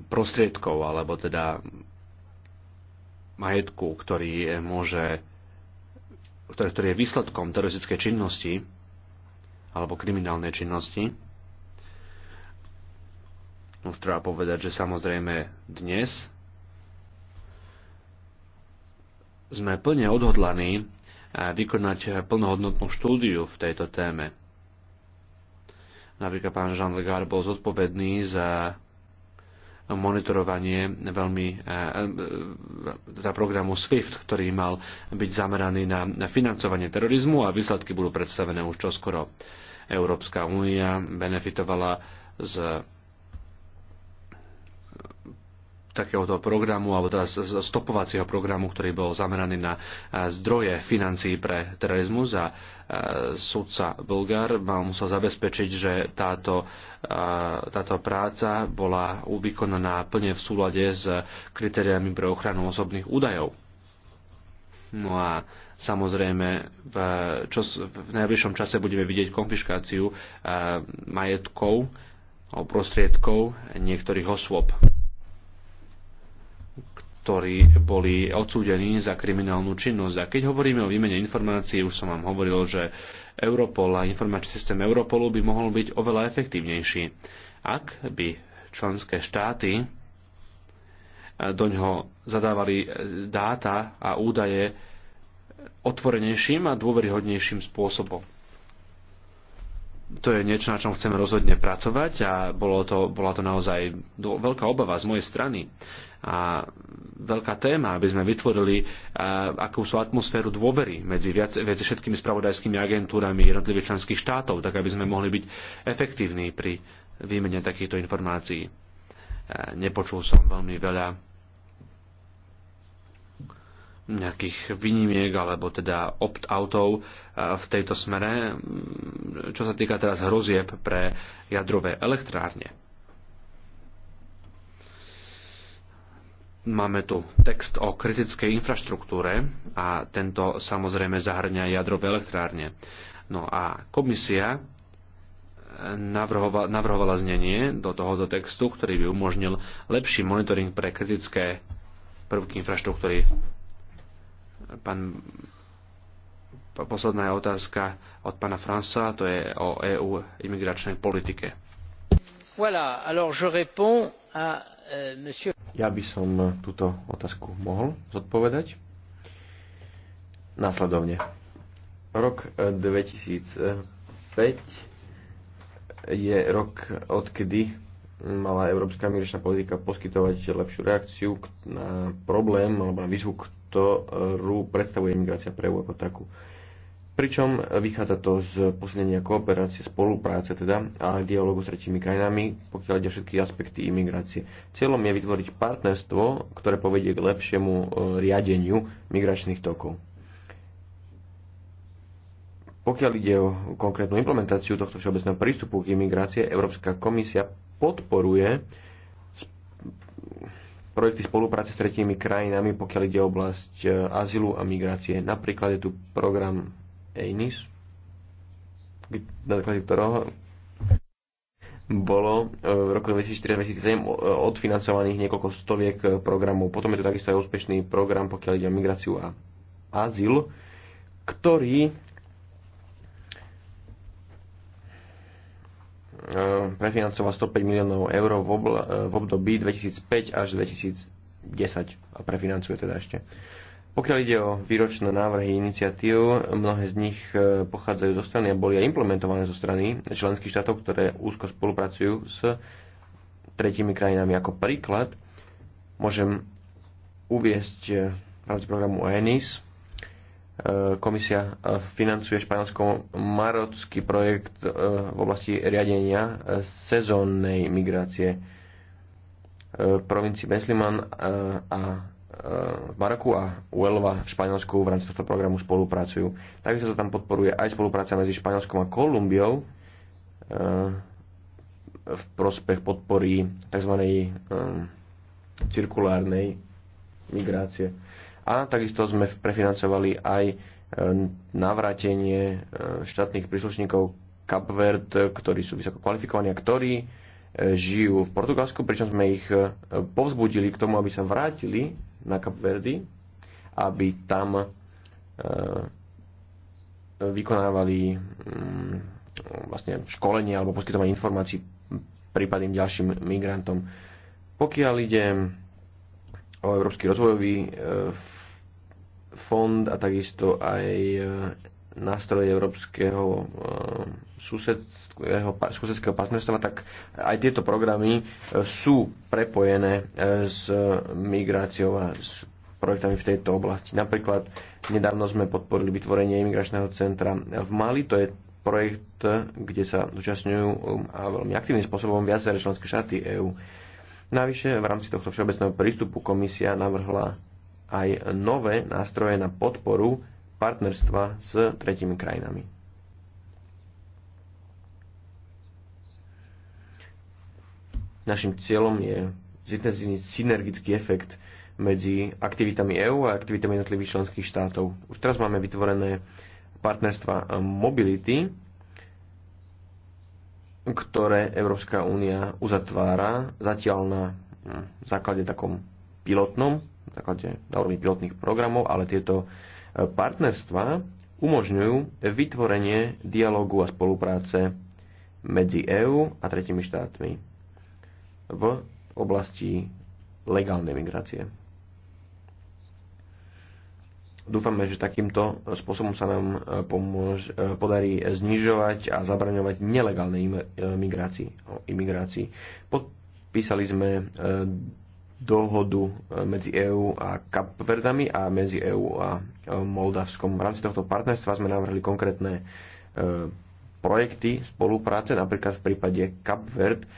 prostriedkov alebo teda majetku, ktorý môže ktorý, ktorý je výsledkom teroristickej činnosti alebo kriminálnej činnosti. Už no, treba povedať, že samozrejme dnes sme plne odhodlaní eh, vykonať eh, plnohodnotnú štúdiu v tejto téme. Napríklad pán Jean Legard bol zodpovedný za monitorovanie veľmi eh, za programu SWIFT, ktorý mal byť zameraný na financovanie terorizmu a výsledky budú predstavené už čoskoro. Európska únia benefitovala z takéhoto programu alebo teda stopovacieho programu, ktorý bol zameraný na zdroje financií pre terorizmus a sudca Bulgar mal musel zabezpečiť, že táto, táto práca bola vykonaná plne v súlade s kritériami pre ochranu osobných údajov. No a samozrejme v, čo, v najbližšom čase budeme vidieť konfiškáciu majetkov alebo prostriedkov niektorých osôb ktorí boli odsúdení za kriminálnu činnosť. A keď hovoríme o výmene informácií, už som vám hovoril, že Europol a informačný systém Europolu by mohol byť oveľa efektívnejší, ak by členské štáty e, doňho zadávali e, dáta a údaje otvorenejším a dôveryhodnejším spôsobom to je niečo, na čom chceme rozhodne pracovať a bolo to, bola to naozaj veľká obava z mojej strany a veľká téma, aby sme vytvorili akú sú atmosféru dôvery medzi, viac, medzi všetkými spravodajskými agentúrami jednotlivých členských štátov, tak aby sme mohli byť efektívni pri výmene takýchto informácií. Nepočul som veľmi veľa nejakých výnimiek alebo teda opt-outov e, v tejto smere, mm, čo sa týka teraz hrozieb pre jadrové elektrárne. Máme tu text o kritickej infraštruktúre a tento samozrejme zahrňa jadrové elektrárne. No a komisia e, navrhova, navrhovala znenie do tohoto textu, ktorý by umožnil lepší monitoring pre kritické prvky infraštruktúry Pán, posledná je otázka od pána Fransa, to je o EU imigračnej politike. Voilà, alors je réponds à euh, monsieur... Ja by som túto otázku mohol zodpovedať. Následovne. Rok 2005 eh, je rok, odkedy mala európska migračná politika poskytovať lepšiu reakciu na problém alebo na výzvu, ktorú eh, predstavuje imigrácia pre EU ako takú. Pričom eh, vychádza to z posilnenia kooperácie, spolupráce teda a dialogu s tretími krajinami, pokiaľ ide všetky aspekty imigrácie. Cieľom je vytvoriť partnerstvo, ktoré povedie k lepšiemu eh, riadeniu migračných tokov. Pokiaľ ide o konkrétnu implementáciu tohto všeobecného prístupu k imigrácie, Európska komisia podporuje projekty spolupráce s tretími krajinami, pokiaľ ide o oblasť e, azylu a migrácie. Napríklad je tu program EINIS, na základe ktorého bolo e, v roku 2004-2007 e, odfinancovaných niekoľko stoviek programov. Potom je tu takisto aj úspešný program, pokiaľ ide o migráciu a azyl, ktorý Eh, prefinancoval 105 miliónov eur v, eh, v období 2005 až 2010 a prefinancuje teda ešte. Pokiaľ ide o výročné návrhy iniciatív, mnohé z nich eh, pochádzajú zo strany a boli aj implementované zo strany členských štátov, ktoré úzko spolupracujú s tretími krajinami. Ako príklad môžem uviesť v rámci programu ENIS E, komisia e, financuje španielsko-marocký projekt e, v oblasti riadenia sezónnej migrácie v provincii Besliman a v Maroku a Uelva v Španielsku v rámci tohto programu spolupracujú. Takisto sa tam podporuje aj spolupráca medzi Španielskom a Kolumbiou v prospech podpory tzv. cirkulárnej migrácie a takisto sme prefinancovali aj e, navrátenie e, štátnych príslušníkov Kapvert, ktorí sú vysoko kvalifikovaní a ktorí e, žijú v Portugalsku, pričom sme ich povzbudili k tomu, aby sa vrátili na Kapverdy, aby tam vykonávali mm, vlastne školenie alebo poskytovanie informácií prípadným ďalším migrantom. Pokiaľ ide o Európsky rozvojový fond a takisto aj e, nástroje európskeho e, susedského, susedského partnerstva, tak aj tieto programy e, sú prepojené s migráciou a s projektami v tejto oblasti. Napríklad nedávno sme podporili vytvorenie imigračného centra v Mali, to je projekt, kde sa zúčastňujú um, a veľmi aktívnym spôsobom viaceré členské štáty EÚ. Navyše v rámci tohto všeobecného prístupu komisia navrhla aj nové nástroje na podporu partnerstva s tretimi krajinami. Našim cieľom je zintenzívniť synergický efekt medzi aktivitami EÚ a aktivitami jednotlivých členských štátov. Už teraz máme vytvorené partnerstva mobility, ktoré Európska únia uzatvára zatiaľ na hm, základe takom pilotnom základe na úrovni pilotných programov, ale tieto e, partnerstva umožňujú vytvorenie dialogu a spolupráce medzi EÚ a tretimi štátmi v oblasti legálnej migrácie. Dúfame, že takýmto spôsobom sa nám e, pomôž, e, podarí znižovať a zabraňovať nelegálnej imigrácii. Podpísali sme dohodu e, medzi EÚ a Kapverdami a medzi EÚ a e, Moldavskom. V rámci tohto partnerstva sme navrhli konkrétne e, projekty spolupráce, napríklad v prípade Kapverd,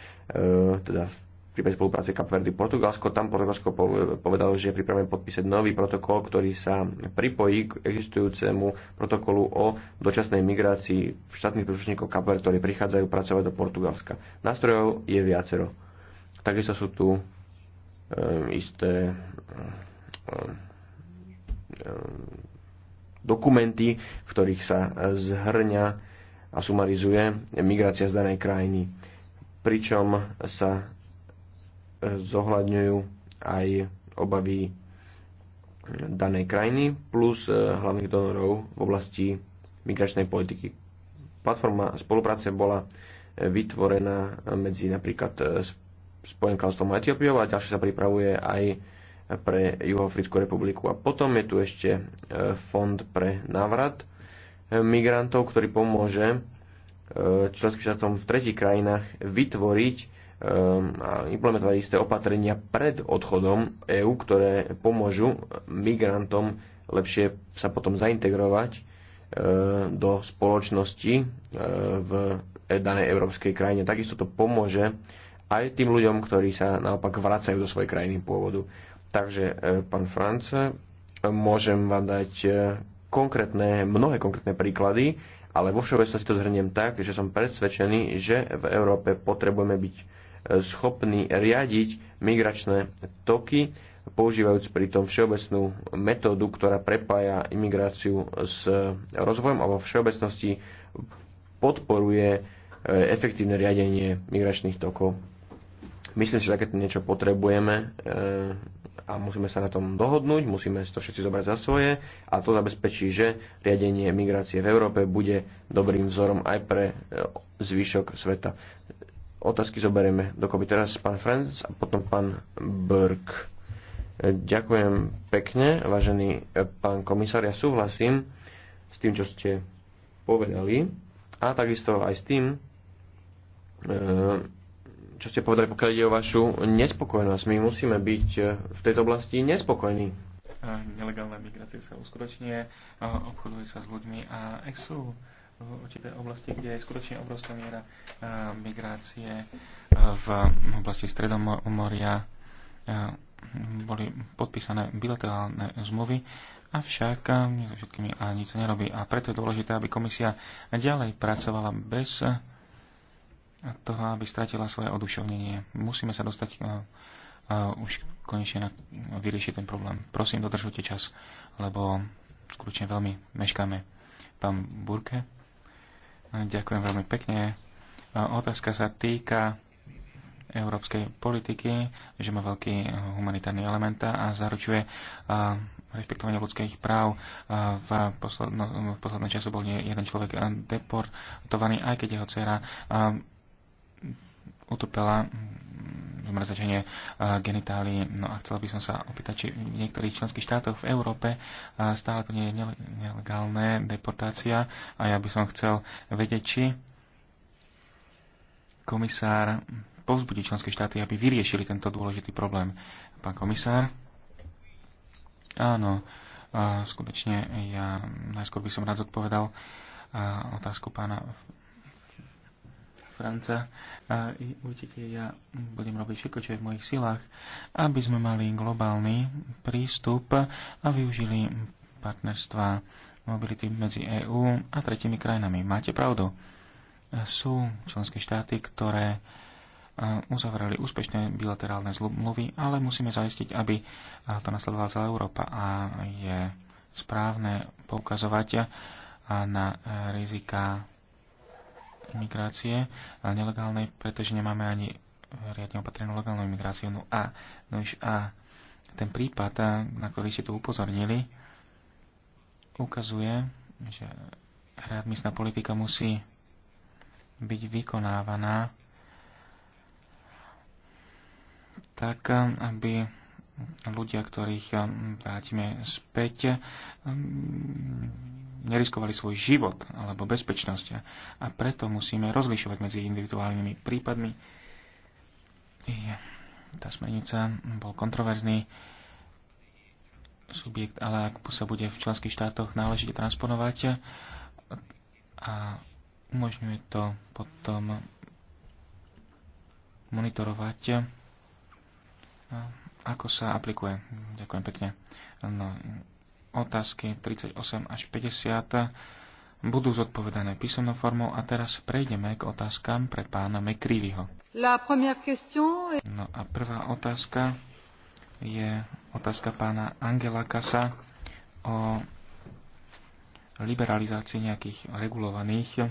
teda v prípade spolupráce Kapverdy Portugalsko. Tam Portugalsko povedalo, že je pripravené podpísať nový protokol, ktorý sa pripojí k existujúcemu protokolu o dočasnej migrácii štátnych príslušníkov Kapverd, ktorí prichádzajú pracovať do Portugalska. Nástrojov je viacero. Takisto sú tu Ehm, isté ehm, ehm, dokumenty, v ktorých sa e, zhrňa a sumarizuje migrácia z danej krajiny. Pričom sa e, zohľadňujú aj obavy danej krajiny plus e, hlavných donorov v oblasti migračnej politiky. Platforma spolupráce bola vytvorená medzi napríklad Spojeným kráľovstvom Etiópiou a ďalšie sa pripravuje aj pre Juhoafrickú republiku. A potom je tu ešte e, fond pre návrat e, migrantov, ktorý pomôže e, členským štátom v tretich krajinách vytvoriť a implementovať isté opatrenia pred odchodom EÚ, ktoré pomôžu migrantom lepšie sa potom zaintegrovať do spoločnosti v danej európskej krajine. Takisto to pomôže aj tým ľuďom, ktorí sa naopak vracajú do svojej krajiny pôvodu. Takže, e, pán France, môžem vám dať e, konkrétne, mnohé konkrétne príklady, ale vo všeobecnosti to zhrniem tak, že som presvedčený, že v Európe potrebujeme byť e, schopní riadiť migračné toky, používajúc pritom všeobecnú metódu, ktorá prepája imigráciu s rozvojom a vo všeobecnosti podporuje efektívne riadenie migračných tokov. Myslím, že takéto niečo potrebujeme eh, a musíme sa na tom dohodnúť, musíme to všetci zobrať za svoje a to zabezpečí, že riadenie migrácie v Európe bude dobrým vzorom aj pre eh, zvyšok sveta. Otázky zoberieme dokopy teraz pán Franz a potom pán Burke. Eh, ďakujem pekne, vážený pán komisár. Ja súhlasím s tým, čo ste povedali a takisto aj s tým, čo ste povedali, pokiaľ ide o vašu nespokojnosť. My musíme byť eh, v tejto oblasti nespokojní. Eh, Nelegálna migrácia sa uskutočňuje, eh, obchoduje sa s ľuďmi a sú v určitej oblasti, kde je skutočne obrovská miera migrácie v oblasti Stredomoria boli podpísané bilaterálne zmluvy, avšak so všetkými ani nič nerobí. A preto je dôležité, aby komisia ďalej pracovala bez toho, aby stratila svoje oduševnenie. Musíme sa dostať uh, uh, už konečne na, vyriešiť ten problém. Prosím, dodržujte čas, lebo skutočne veľmi meškáme. Pán Burke, eh, ďakujem veľmi pekne. Otázka sa týka európskej politiky, že má veľký humanitárny element a zaručuje rešpektovanie ľudských práv. V, posledno, v poslednom čase bol jeden človek deportovaný, aj keď jeho dcera utrpela mm, zmrzačenie eh, genitálií. No a chcel by som sa opýtať, či v niektorých členských štátoch v Európe eh, stále to nie je nelegálne deportácia a ja by som chcel vedieť, či komisár povzbudí členské štáty, aby vyriešili tento dôležitý problém. Pán komisár? Áno, eh, skutočne ja najskôr by som rád zodpovedal otázku pána Franca určite ja budem robiť všetko, čo je v mojich silách, aby sme mali globálny prístup a využili partnerstva mobility medzi EÚ a tretimi krajinami. Máte pravdu. Sú členské štáty, ktoré e, uzavreli úspešné bilaterálne zmluvy, ale musíme zaistiť, aby to nasledovala celá Európa a je správne poukazovať na rizika migrácie, ale nelegálnej, pretože nemáme ani riadne opatrenú legálnu migráciu. No a, no iš, a ten prípad, na ktorý ste tu upozornili, ukazuje, že readmisná politika musí byť vykonávaná tak, aby ľudia, ktorých vrátime späť, neriskovali svoj život alebo bezpečnosť. A preto musíme rozlišovať medzi individuálnymi prípadmi. Tá smernica bol kontroverzný subjekt, ale ak sa bude v členských štátoch náležite transponovať a umožňuje to potom monitorovať, ako sa aplikuje. Ďakujem pekne. No, otázky 38 až 50 budú zodpovedané písomnou formou a teraz prejdeme k otázkam pre pána McCreevyho. No a prvá otázka je otázka pána Angela Kasa o liberalizácii nejakých regulovaných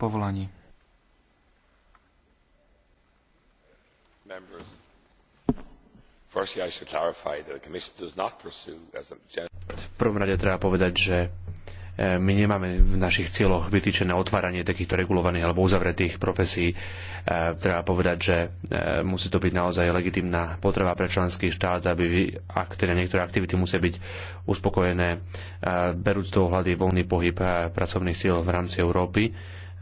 povolaní. V prvom rade treba povedať, že e, my nemáme v našich cieľoch vytýčené otváranie takýchto regulovaných alebo uzavretých profesí. E, treba povedať, že e, musí to byť naozaj legitimná potreba pre členský štát, aby ak teda niektoré aktivity musia byť uspokojené, berúc do ohľady voľný pohyb pracovných síl v rámci Európy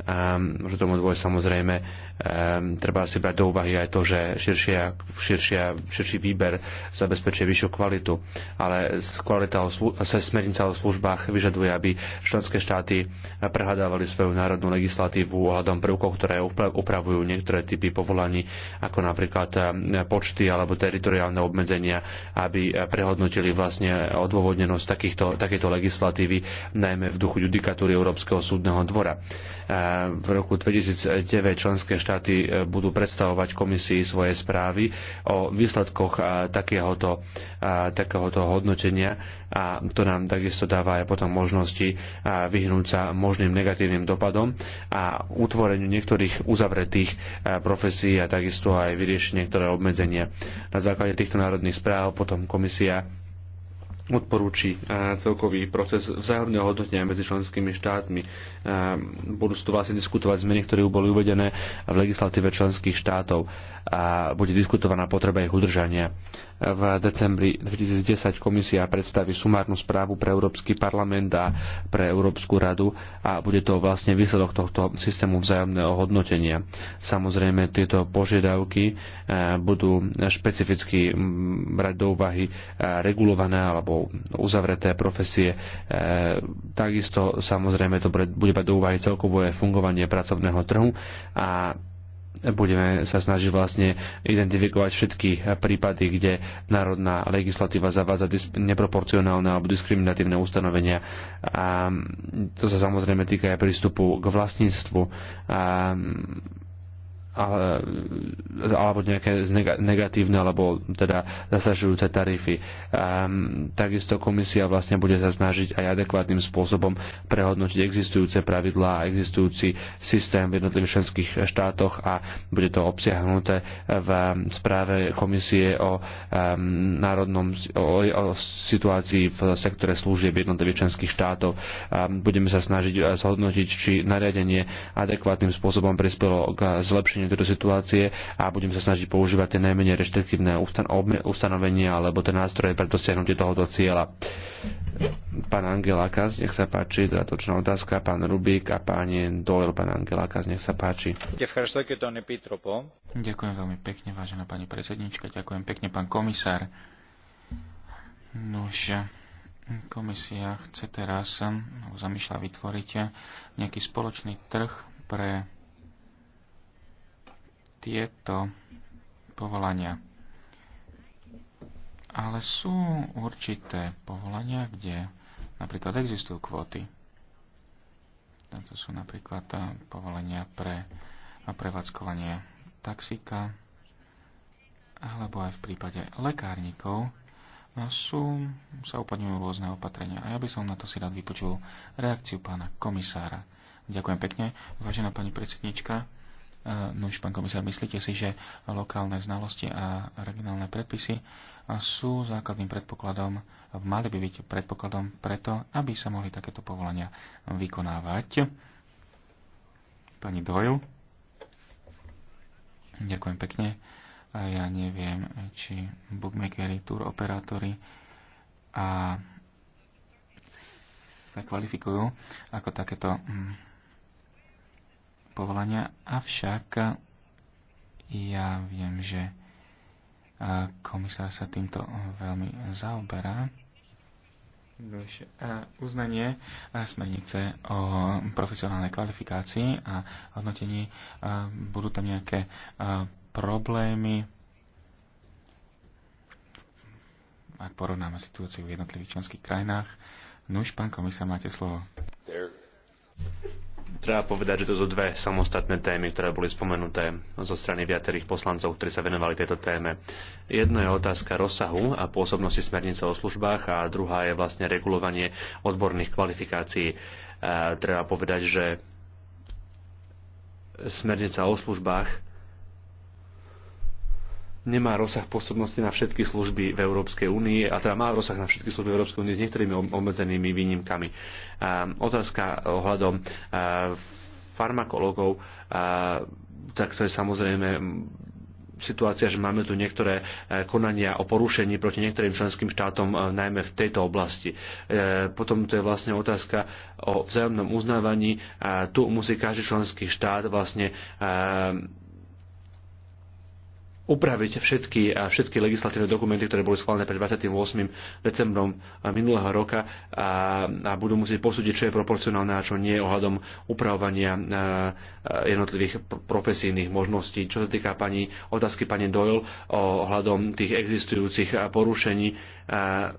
Um, tomu dôjsť samozrejme. Um, treba si brať do úvahy aj to, že širšia, širšia, širší výber zabezpečuje vyššiu kvalitu, ale kvalita o slu- sa smernica o službách vyžaduje, aby členské štáty prehľadávali svoju národnú legislatívu ohľadom prvkov, ktoré upravujú niektoré typy povolaní, ako napríklad ehm, počty alebo teritoriálne obmedzenia, aby prehodnotili vlastne odôvodnenosť takýchto, takéto legislatívy, najmä v duchu judikatúry Európskeho súdneho dvora v roku 2009 členské štáty e, budú predstavovať komisii svoje správy o výsledkoch e, takéhoto, e, takéhoto hodnotenia a to nám takisto dáva aj potom možnosti vyhnúť sa možným negatívnym dopadom a utvoreniu niektorých uzavretých profesí a takisto aj vyriešenie niektoré obmedzenia. Na základe týchto národných správ potom komisia odporúči e, celkový proces vzájomného hodnotenia medzi členskými štátmi. E, budú sa tu vlastne diskutovať zmeny, ktoré boli uvedené v legislatíve členských štátov a bude diskutovaná potreba ich udržania. V decembri 2010 komisia predstaví sumárnu správu pre Európsky parlament a pre Európsku radu a bude to vlastne výsledok tohto systému vzájomného hodnotenia. Samozrejme, tieto požiadavky eh, budú špecificky mm, brať do úvahy eh, regulované alebo uzavreté profesie. Eh, takisto samozrejme to bude brať do úvahy celkové fungovanie pracovného trhu a budeme sa snažiť vlastne identifikovať všetky prípady, kde národná legislatíva zavádza neproporcionálne alebo diskriminatívne ustanovenia. A to sa samozrejme týka aj prístupu k vlastníctvu. A alebo nejaké negatívne alebo teda zasažujúce tarify. Um, takisto komisia vlastne bude sa snažiť aj adekvátnym spôsobom prehodnotiť existujúce pravidlá a existujúci systém v jednotlivých členských štátoch a bude to obsiahnuté v správe komisie o um, národnom o, o situácii v sektore služieb jednotlivých členských štátov. Um, budeme sa snažiť eh, zhodnotiť, či nariadenie adekvátnym spôsobom prispelo k zlepšeniu zasadeniu tejto situácie a budem sa snažiť používať tie najmenej reštriktívne ustanovenia alebo tie nástroje pre dosiahnutie tohoto cieľa. Pán Angelakas, nech sa páči, dodatočná otázka, pán Rubik a páni Doyle, pán Angelakas, nech sa páči. Ďakujem veľmi pekne, vážená pani predsednička, ďakujem pekne, pán komisár. Nož, komisia chce teraz, zamýšľa vytvoriť nejaký spoločný trh pre tieto povolania. Ale sú určité povolania, kde napríklad existujú kvóty. To sú napríklad povolenia pre prevádzkovanie taxíka, alebo aj v prípade lekárnikov, sú, sa uplatňujú rôzne opatrenia. A ja by som na to si rád vypočul reakciu pána komisára. Ďakujem pekne, vážená pani predsednička. No už, pán komisár, myslíte si, že lokálne znalosti a regionálne predpisy sú základným predpokladom, mali by byť predpokladom preto, aby sa mohli takéto povolania vykonávať? Pani Doyle. Ďakujem pekne. A ja neviem, či bookmakery, tour operátori a sa kvalifikujú ako takéto mm, povolania, avšak ja viem, že komisár sa týmto veľmi zaoberá. Uznanie smernice o profesionálnej kvalifikácii a hodnotení. Budú tam nejaké problémy, ak porovnáme situáciu v jednotlivých členských krajinách. Nuž, pán komisár, máte slovo. There treba povedať, že to sú dve samostatné témy, ktoré boli spomenuté zo strany viacerých poslancov, ktorí sa venovali tejto téme. Jedno je otázka rozsahu a pôsobnosti smernice o službách a druhá je vlastne regulovanie odborných kvalifikácií. Treba povedať, že smernica o službách nemá rozsah pôsobnosti na všetky služby v Európskej únii, a teda má rozsah na všetky služby v Európskej únii s niektorými obmedzenými výnimkami. otázka ohľadom a, farmakologov, tak to je samozrejme situácia, že máme tu niektoré e, konania o porušení proti niektorým členským štátom, e, najmä v tejto oblasti. E, potom to je vlastne otázka o vzájomnom uznávaní. Tu musí každý členský štát vlastne upraviť všetky, všetky legislatívne dokumenty, ktoré boli schválené pred 28. decembrom minulého roka a, a budú musieť posúdiť, čo je proporcionálne a čo nie ohľadom upravovania e, e, jednotlivých profesijných možností. Čo sa týka pani, otázky pani Doyle ohľadom tých existujúcich porušení, e,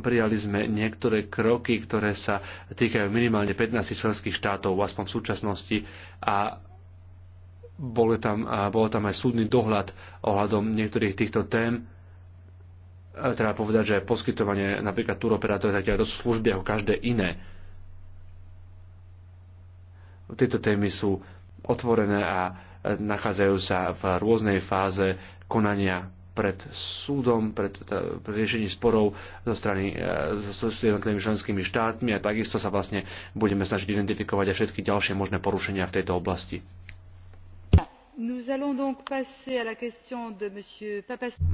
prijali sme niektoré kroky, ktoré sa týkajú minimálne 15 členských štátov, aspoň v súčasnosti, a bol tam, bol tam aj súdny dohľad ohľadom niektorých týchto tém. Treba povedať, že poskytovanie napríklad turoperátora tak to sú služby ako každé iné. Tieto témy sú otvorené a nachádzajú sa v rôznej fáze konania pred súdom, pred, teda, pred riešení sporov zo strany so e, jednotlivými členskými štátmi a takisto sa vlastne budeme snažiť identifikovať aj všetky ďalšie možné porušenia v tejto oblasti.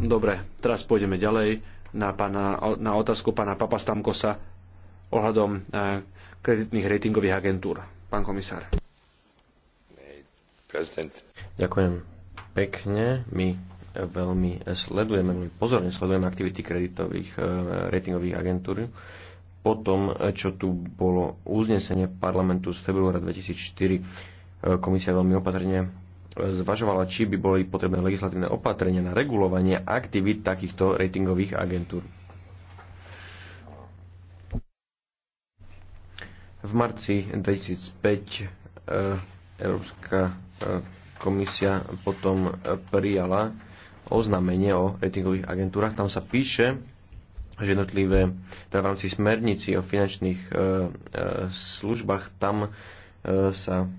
Dobre, teraz pôjdeme ďalej na, otázku pána Papastamkosa ohľadom eh, kreditných ratingových agentúr. Pán komisár. Ďakujem pekne. My veľmi sledujeme, veľmi pozorne sledujeme aktivity kreditových eh, ratingových agentúr. Po tom, eh, čo tu bolo uznesenie parlamentu z februára 2004, komisia veľmi opatrne zvažovala, či by boli potrebné legislatívne opatrenia na regulovanie aktivít takýchto ratingových agentúr. V marci 2005 e, Európska e, komisia potom prijala oznámenie o ratingových agentúrach. Tam sa píše, že jednotlivé, teda v rámci smernici o finančných e, službách, tam sa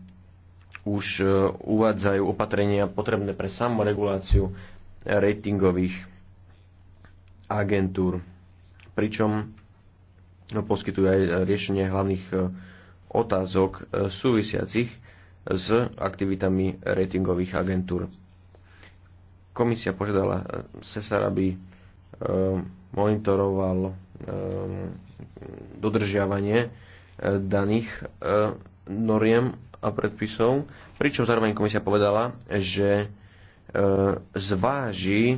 už e, uvádzajú opatrenia potrebné pre samoreguláciu ratingových agentúr. Pričom no, poskytujú aj riešenie hlavných e, otázok e, súvisiacich s aktivitami ratingových agentúr. Komisia požiadala SESAR, aby monitoroval dodržiavanie daných noriem a predpisov, pričom zároveň komisia povedala, že e, zváži e,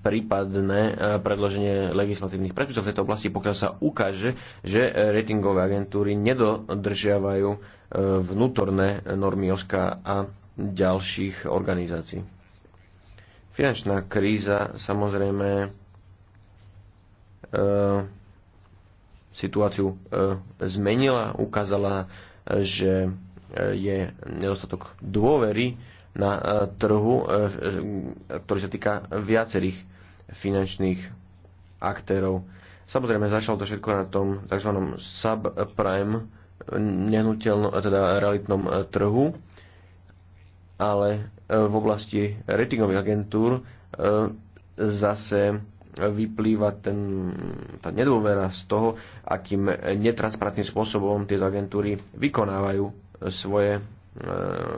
prípadné e, predloženie legislatívnych predpisov v tejto oblasti, pokiaľ sa ukáže, že ratingové agentúry nedodržiavajú vnútorné normy OSKA a ďalších organizácií. Finančná kríza samozrejme situáciu zmenila, ukázala že e, je nedostatok dôvery na e, trhu, e, ktorý sa týka viacerých finančných aktérov. Samozrejme, začalo to všetko na tom tzv. subprime nehnuteľno, teda realitnom trhu, ale v oblasti ratingových agentúr zase vyplýva ten, tá nedôvera z toho, akým netransparentným spôsobom tieto agentúry vykonávajú e, svoje e,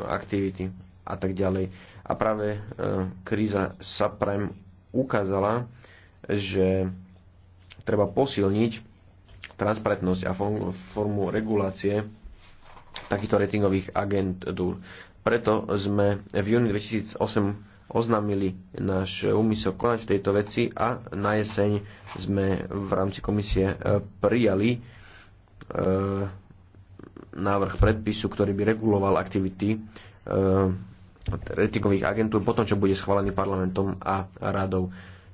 aktivity a tak ďalej. A práve e, kríza subprime ukázala, že treba posilniť transparentnosť a formu regulácie takýchto ratingových agentúr. Preto sme v júni 2008 oznámili náš úmysel konať v tejto veci a na jeseň sme v rámci komisie e, prijali e, návrh predpisu, ktorý by reguloval aktivity e, ratingových agentúr potom, čo bude schválený parlamentom a radou.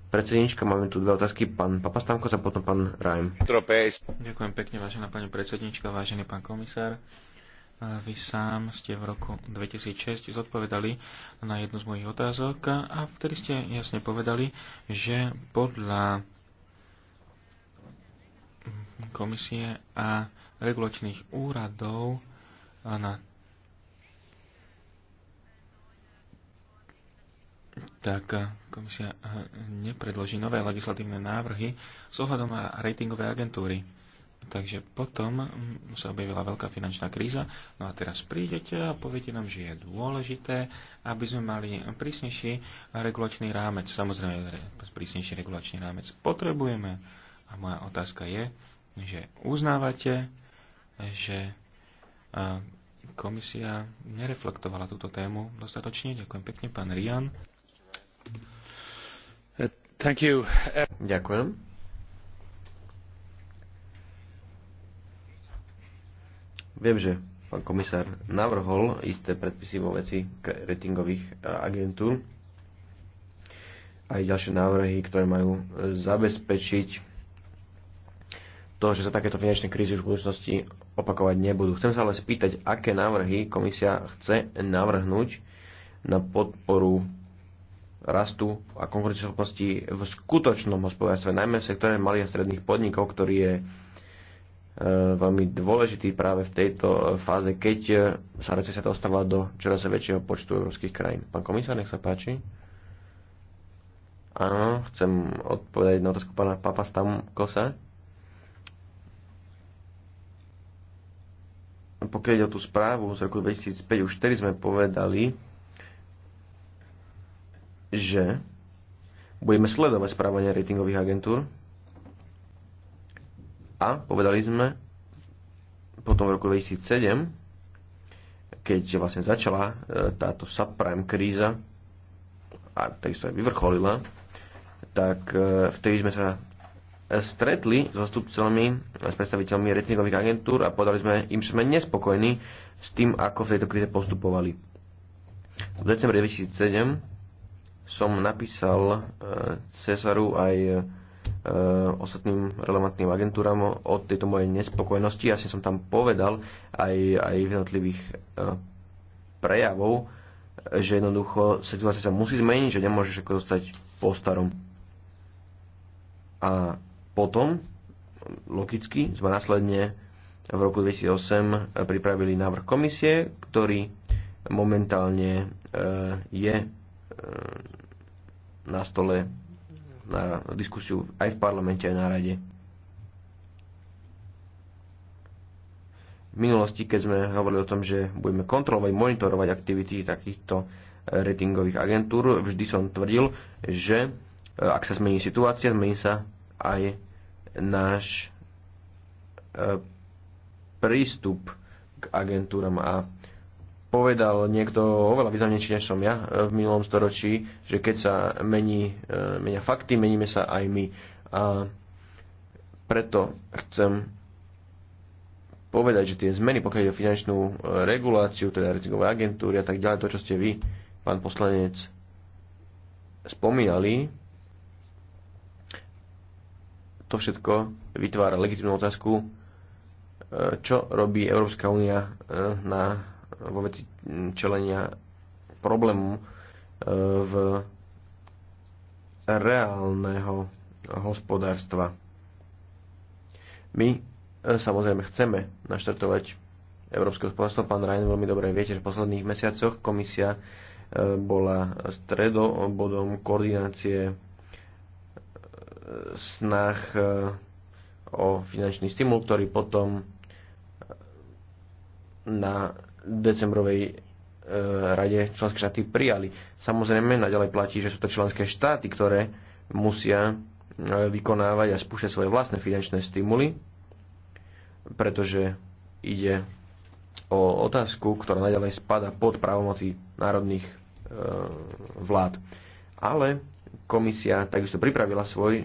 Predsednička, máme tu dve otázky, pán Papastamko a potom pán Rajm. Ďakujem pekne, vážená pani predsednička, vážený pán komisár. Vy sám ste v roku 2006 zodpovedali na jednu z mojich otázok a vtedy ste jasne povedali, že podľa komisie a regulačných úradov na tak komisia nepredloží nové legislatívne návrhy s ohľadom na ratingové agentúry. Takže potom hm, sa objavila veľká finančná kríza. No a teraz prídete a poviete nám, že je dôležité, aby sme mali prísnejší regulačný rámec. Samozrejme, prísnejší regulačný rámec potrebujeme. A moja otázka je, že uznávate, že komisia nereflektovala túto tému dostatočne. Ďakujem pekne, pán Rian. Thank you. Ďakujem Viem, že pán komisár navrhol isté predpisy vo veci ratingových e, agentúr aj ďalšie návrhy, ktoré majú e, zabezpečiť to, že sa takéto finančné krízy už v budúcnosti opakovať nebudú. Chcem sa ale spýtať, aké návrhy komisia chce navrhnúť na podporu rastu a konkurenceschopnosti v skutočnom hospodárstve, najmä v sektore malých a stredných podnikov, ktorý je veľmi dôležitý práve v tejto fáze, keď e, sa recesia dostáva do čoraz väčšieho počtu európskych krajín. Pán komisár, nech sa páči. Áno, chcem odpovedať na otázku pána Papa Stamkosa. Pokiaľ ide o tú správu z roku 2005, už vtedy sme povedali, že budeme sledovať správanie ratingových agentúr a povedali sme potom v roku 2007, keď vlastne začala e, táto subprime kríza a takisto aj vyvrcholila, tak e, vtedy sme sa stretli s zastupcami, s predstaviteľmi ratingových agentúr a povedali sme im, že sme nespokojní s tým, ako v tejto kríze postupovali. V decembri 2007 som napísal e, Cesaru aj Eh, ostatným relevantným agentúram o tejto mojej nespokojnosti. ja som tam povedal aj, aj v jednotlivých eh, prejavov, že jednoducho situácia sa musí zmeniť, že nemôže všetko zostať po starom. A potom, logicky, sme následne v roku 2008 pripravili návrh komisie, ktorý momentálne eh, je na stole na diskusiu aj v parlamente, aj na rade. V minulosti, keď sme hovorili o tom, že budeme kontrolovať, monitorovať aktivity takýchto eh, ratingových agentúr, vždy som tvrdil, že eh, ak sa zmení situácia, zmení sa aj náš eh, prístup k agentúram a povedal niekto oveľa významnejší než som ja eh, v minulom storočí, že keď sa mení, eh, menia fakty, meníme sa aj my. A preto chcem povedať, že tie zmeny, pokiaľ ide o finančnú eh, reguláciu, teda ratingové agentúry a tak ďalej, to, čo ste vy, pán poslanec, spomínali, to všetko vytvára legitimnú otázku, čo robí Európska únia na vo veci čelenia problému e, v reálneho hospodárstva. My e, samozrejme chceme naštartovať európske hospodárstvo. Pán Rajn veľmi dobre viete, že v posledných mesiacoch komisia e, bola stredobodom koordinácie snah o finančný stimul, ktorý potom na decembrovej e, rade členské štáty prijali. Samozrejme, naďalej platí, že sú to členské štáty, ktoré musia e, vykonávať a spúšťať svoje vlastné finančné stimuly, pretože ide o otázku, ktorá naďalej spada pod právomoci národných e, vlád. Ale komisia takisto pripravila svoj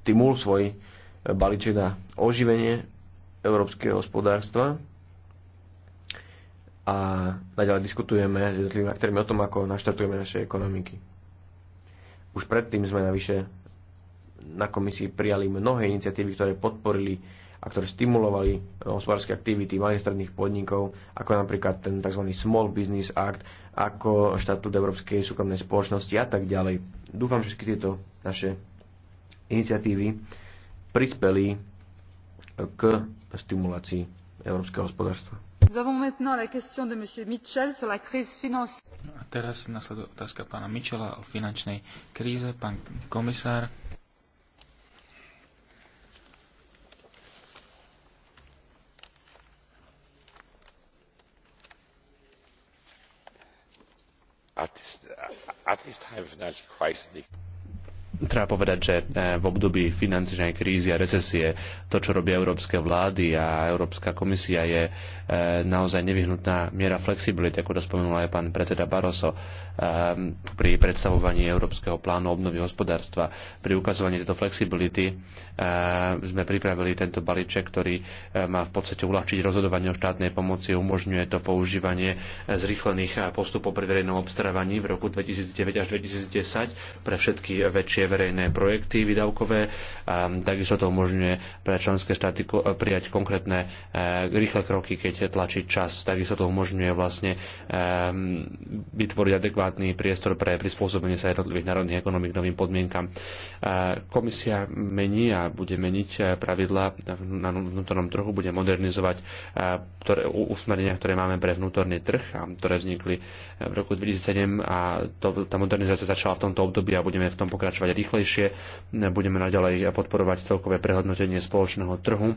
stimul, svoj e, balíček na oživenie európskeho hospodárstva a naďalej diskutujeme s jednotlivými aktérmi o tom, ako naštartujeme naše ekonomiky. Už predtým sme navyše na komisii prijali mnohé iniciatívy, ktoré podporili a ktoré stimulovali hospodárske aktivity malých stredných podnikov, ako napríklad ten tzv. Small Business Act, ako štatút Európskej súkromnej spoločnosti a tak ďalej. Dúfam, že všetky tieto naše iniciatívy prispeli k stimulácii európskeho hospodárstva. A teraz nasleduje otázka pána Michela o finančnej kríze. Pán komisár. at this time of financial crisis treba povedať, že eh, v období finančnej krízy a recesie to, čo robia európske vlády a Európska komisia je eh, naozaj nevyhnutná miera flexibility, ako to spomenul aj pán predseda Barroso eh, pri predstavovaní Európskeho plánu obnovy hospodárstva. Pri ukazovaní tejto flexibility sme pripravili tento balíček, ktorý má v podstate uľahčiť rozhodovanie o štátnej pomoci, umožňuje to používanie zrýchlených postupov pri verejnom obstarávaní v roku 2009 až 2010 pre všetky väčšie tie verejné projekty výdavkové. Takisto to umožňuje pre členské štáty prijať konkrétne e, rýchle kroky, keď tlačí čas. Takisto to umožňuje vlastne e, vytvoriť adekvátny priestor pre prispôsobenie sa jednotlivých národných ekonomík novým podmienkam. E, komisia mení a bude meniť pravidla na vnútornom trhu, bude modernizovať ktoré, usmerenia, ktoré máme pre vnútorný trh, a ktoré vznikli v roku 2007 a to, tá modernizácia začala v tomto období a budeme v tom pokračovať rýchlejšie. Budeme naďalej podporovať celkové prehodnotenie spoločného trhu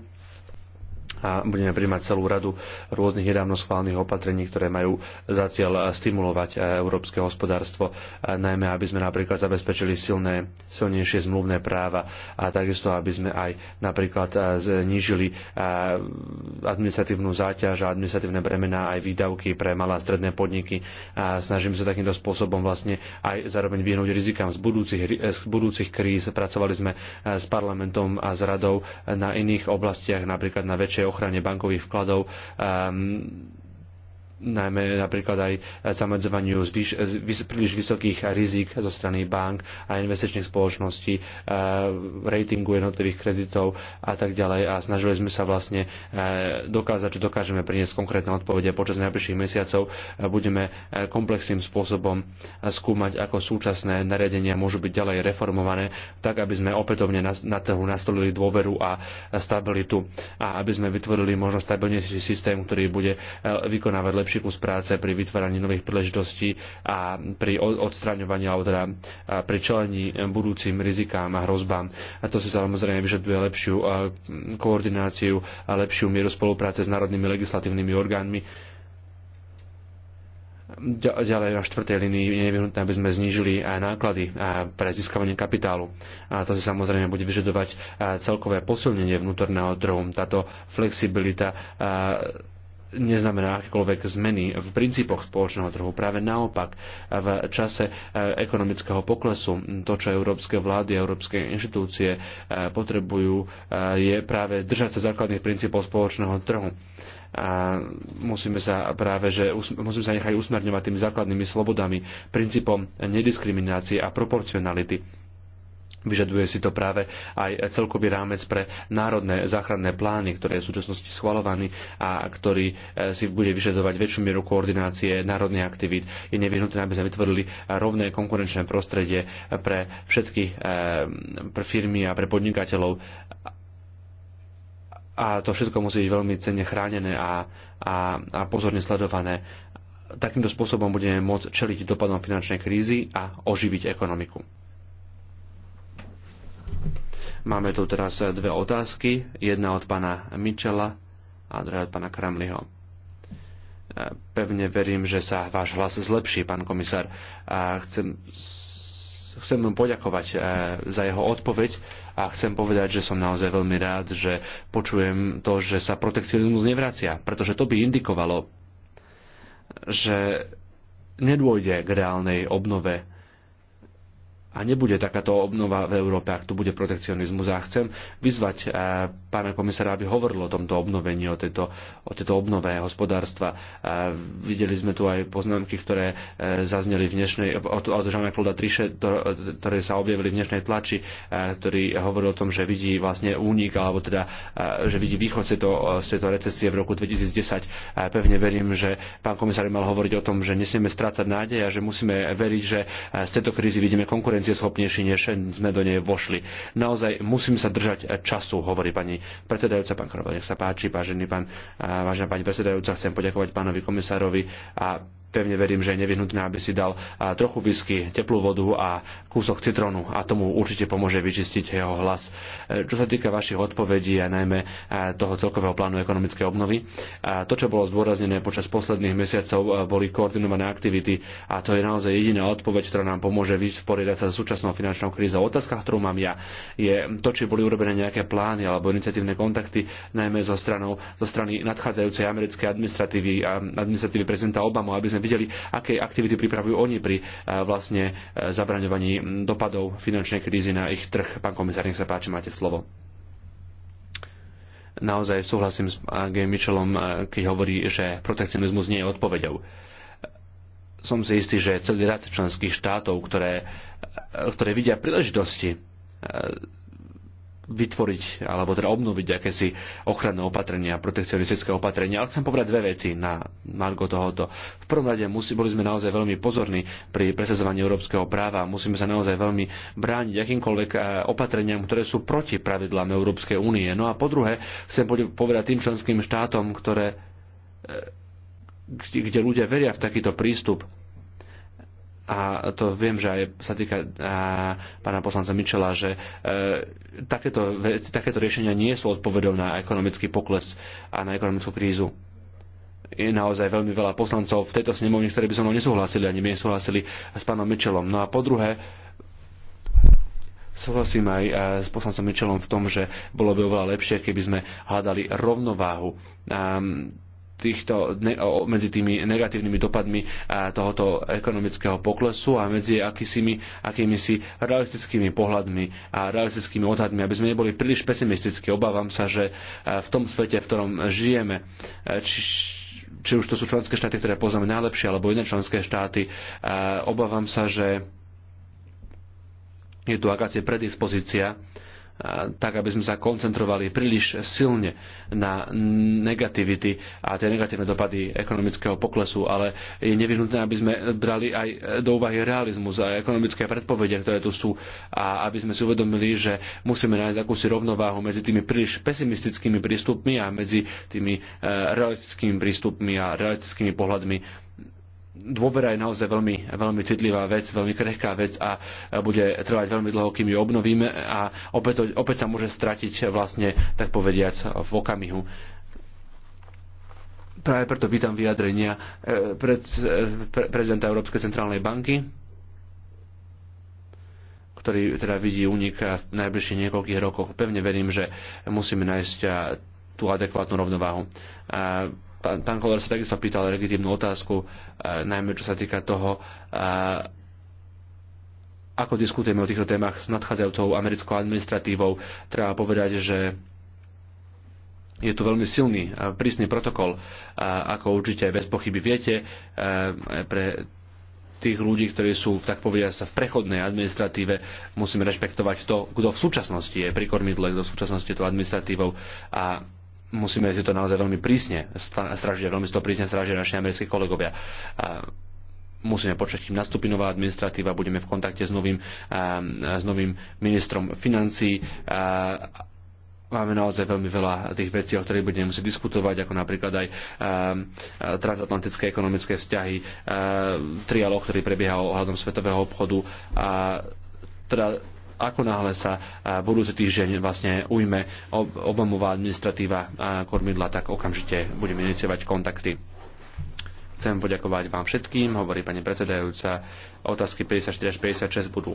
a budeme príjmať celú radu rôznych nedávno schválených opatrení, ktoré majú za cieľ eh, stimulovať eh, európske hospodárstvo, eh, najmä aby sme napríklad zabezpečili silné, silnejšie zmluvné práva a takisto aby sme aj napríklad znížili administratívnu záťaž a administratívne bremená aj výdavky pre malé a stredné podniky. A snažím sa takýmto spôsobom vlastne aj zároveň vyhnúť rizikám z budúcich, z budúcich kríz. Pracovali sme s parlamentom a s radou na iných oblastiach, napríklad na väčšej ochrane bankových vkladov. Um, najmä napríklad aj zamedzovaniu zvýš, vys, príliš vysokých rizik zo strany bank a investičných spoločností, e, ratingu jednotlivých kreditov a tak ďalej. A snažili sme sa vlastne e, dokázať, že dokážeme priniesť konkrétne odpovede počas najbližších mesiacov. E, budeme komplexným spôsobom skúmať, ako súčasné nariadenia môžu byť ďalej reformované, tak aby sme opätovne na, na trhu nastolili dôveru a stabilitu a aby sme vytvorili možno stabilnejší systém, ktorý bude vykonávať lepší kus práce pri vytváraní nových príležitostí a pri odstraňovaní alebo teda pri čelení budúcim rizikám a hrozbám. A to si samozrejme vyžaduje lepšiu koordináciu a lepšiu mieru spolupráce s národnými legislatívnymi orgánmi ďalej na štvrtej línii je nevyhnutné, aby sme znížili náklady pre získavanie kapitálu. A to si samozrejme bude vyžadovať celkové posilnenie vnútorného trhu. Táto flexibilita neznamená akékoľvek zmeny v princípoch spoločného trhu. Práve naopak, v čase e, ekonomického poklesu to, čo európske vlády a európske inštitúcie e, potrebujú, e, je práve držať sa základných princípov spoločného trhu a musíme sa práve, že musíme sa nechať usmerňovať tými základnými slobodami, princípom nediskriminácie a proporcionality Vyžaduje si to práve aj celkový rámec pre národné záchranné plány, ktoré v súčasnosti schvalovaní a ktorý e, si bude vyžadovať väčšiu mieru koordinácie národných aktivít. Je nevyhnutné, aby sme vytvorili rovné konkurenčné prostredie pre všetky e, pre firmy a pre podnikateľov a to všetko musí byť veľmi cenne chránené a, a, a pozorne sledované. Takýmto spôsobom budeme môcť čeliť dopadom finančnej krízy a oživiť ekonomiku. Máme tu teraz dve otázky, jedna od pána Michela a druhá od pána Kramliho. E, pevne verím, že sa váš hlas zlepší, pán komisár. A chcem, chcem mu poďakovať e, za jeho odpoveď a chcem povedať, že som naozaj veľmi rád, že počujem to, že sa protekcionizmus nevracia, pretože to by indikovalo, že nedôjde k reálnej obnove a nebude takáto obnova v Európe, ak tu bude protekcionizmus. A chcem vyzvať eh, pána komisára, aby hovoril o tomto obnovení, o tejto, o tejto obnove hospodárstva. A eh, videli sme tu aj poznámky, ktoré eh, zazneli v dnešnej, od, od Žana Kloda Triše, ktoré sa objavili v dnešnej tlači, ktorý hovoril o tom, že vidí vlastne únik, alebo teda, že vidí východ z tejto, z tejto recesie v roku 2010. A pevne verím, že pán komisár mal hovoriť o tom, že nesieme strácať nádej a že musíme veriť, že z tejto krízy vidíme konkurenciu konkurencieschopnejší, než sme do nej vošli. Naozaj musím sa držať času, hovorí pani predsedajúca, pán Korobel, nech sa páči, vážený pán, vážená pani predsedajúca, chcem poďakovať pánovi komisárovi a pevne verím, že je nevyhnutné, aby si dal trochu whisky, teplú vodu a kúsok citrónu a tomu určite pomôže vyčistiť jeho hlas. E, čo sa týka vašich odpovedí a najmä e, toho celkového plánu ekonomickej obnovy, e, to, čo bolo zdôraznené počas posledných mesiacov, boli koordinované aktivity a to je naozaj jediná odpoveď, ktorá nám pomôže vysporiadať sa s súčasnou finančnou krízou. Otázka, ktorú mám ja, je to, či boli urobené nejaké plány alebo iniciatívne kontakty, najmä zo, stranou, zo strany nadchádzajúcej americkej administratívy, administratívy prezidenta Obama, aby sme sme videli, aké aktivity pripravujú oni pri e, vlastne e, zabraňovaní dopadov finančnej krízy na ich trh. Pán komisár, nech sa páči, máte slovo naozaj súhlasím s e, G. Mitchellom, keď hovorí, že protekcionizmus nie je odpoveďou. Som si istý, že celý rad členských štátov, ktoré, ktoré vidia príležitosti vytvoriť alebo teda obnoviť akési ochranné opatrenia, protekcionistické opatrenia. Ale chcem povedať dve veci na margo tohoto. V prvom rade musí, boli sme naozaj veľmi pozorní pri presadzovaní európskeho práva. Musíme sa naozaj veľmi brániť akýmkoľvek eh, opatreniam, ktoré sú proti pravidlám Európskej únie. No a po druhé, chcem povedať tým členským štátom, ktoré eh, kde ľudia veria v takýto prístup, a to viem, že aj sa týka a, pána poslanca Mičela, že e, takéto, veci, takéto riešenia nie sú odpovedou na ekonomický pokles a na ekonomickú krízu. Je naozaj veľmi veľa poslancov v tejto snemovni, ktoré by so mnou nesúhlasili ani by nesúhlasili s pánom Mičelom. No a po druhé, súhlasím aj e, s poslancom Mičelom v tom, že bolo by oveľa lepšie, keby sme hľadali rovnováhu. Ehm, týchto, medzi tými negatívnymi dopadmi eh, tohoto ekonomického poklesu a medzi akýsimi, si realistickými pohľadmi a realistickými odhadmi, aby sme neboli príliš pesimistickí. Obávam sa, že eh, v tom svete, v ktorom žijeme, eh, či, či už to sú členské štáty, ktoré poznáme najlepšie, alebo iné členské štáty, obávam sa, že je tu akási predispozícia, tak, aby sme sa koncentrovali príliš silne na negativity a tie negatívne dopady ekonomického poklesu, ale je nevyhnutné, aby sme brali aj do úvahy realizmus a ekonomické predpovede, ktoré tu sú a aby sme si uvedomili, že musíme nájsť akúsi rovnováhu medzi tými príliš pesimistickými prístupmi a medzi tými e, realistickými prístupmi a realistickými pohľadmi dôvera je naozaj veľmi, veľmi citlivá vec, veľmi krehká vec a bude trvať veľmi dlho, kým ju obnovíme a opäť, opäť sa môže stratiť vlastne, tak povediac, v okamihu. Práve preto vítam vyjadrenia e, pred, e, pre, prezidenta Európskej centrálnej banky, ktorý teda vidí únik v najbližších niekoľkých rokoch. Pevne verím, že musíme nájsť tú adekvátnu rovnováhu. Pán, Kolár sa takisto pýtal legitímnu otázku, e, najmä čo sa týka toho, e, ako diskutujeme o týchto témach s nadchádzajúcou americkou administratívou, treba povedať, že je tu veľmi silný a prísny protokol, a e, ako určite aj bez pochyby viete, e, pre tých ľudí, ktorí sú, tak povedia sa, v prechodnej administratíve, musíme rešpektovať to, kto v súčasnosti je pri kormidle, kto v súčasnosti je tou administratívou a musíme si to naozaj veľmi prísne stražiť, veľmi to prísne stražiť naši americkí kolegovia. Musíme počať, kým nastupí nová administratíva, budeme v kontakte s novým, s novým ministrom financí máme naozaj veľmi veľa tých vecí, o ktorých budeme musieť diskutovať, ako napríklad aj transatlantické ekonomické vzťahy, trialog, ktorý prebieha ohľadom svetového obchodu a teda ako náhle sa budúci týždeň vlastne ujme Obamová administratíva kormidla, tak okamžite budeme iniciovať kontakty. Chcem poďakovať vám všetkým, hovorí pani predsedajúca. Otázky 54 až 56 budú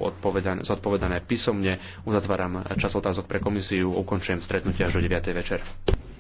zodpovedané písomne. Uzatváram čas otázok pre komisiu, ukončujem stretnutie až o 9. večer.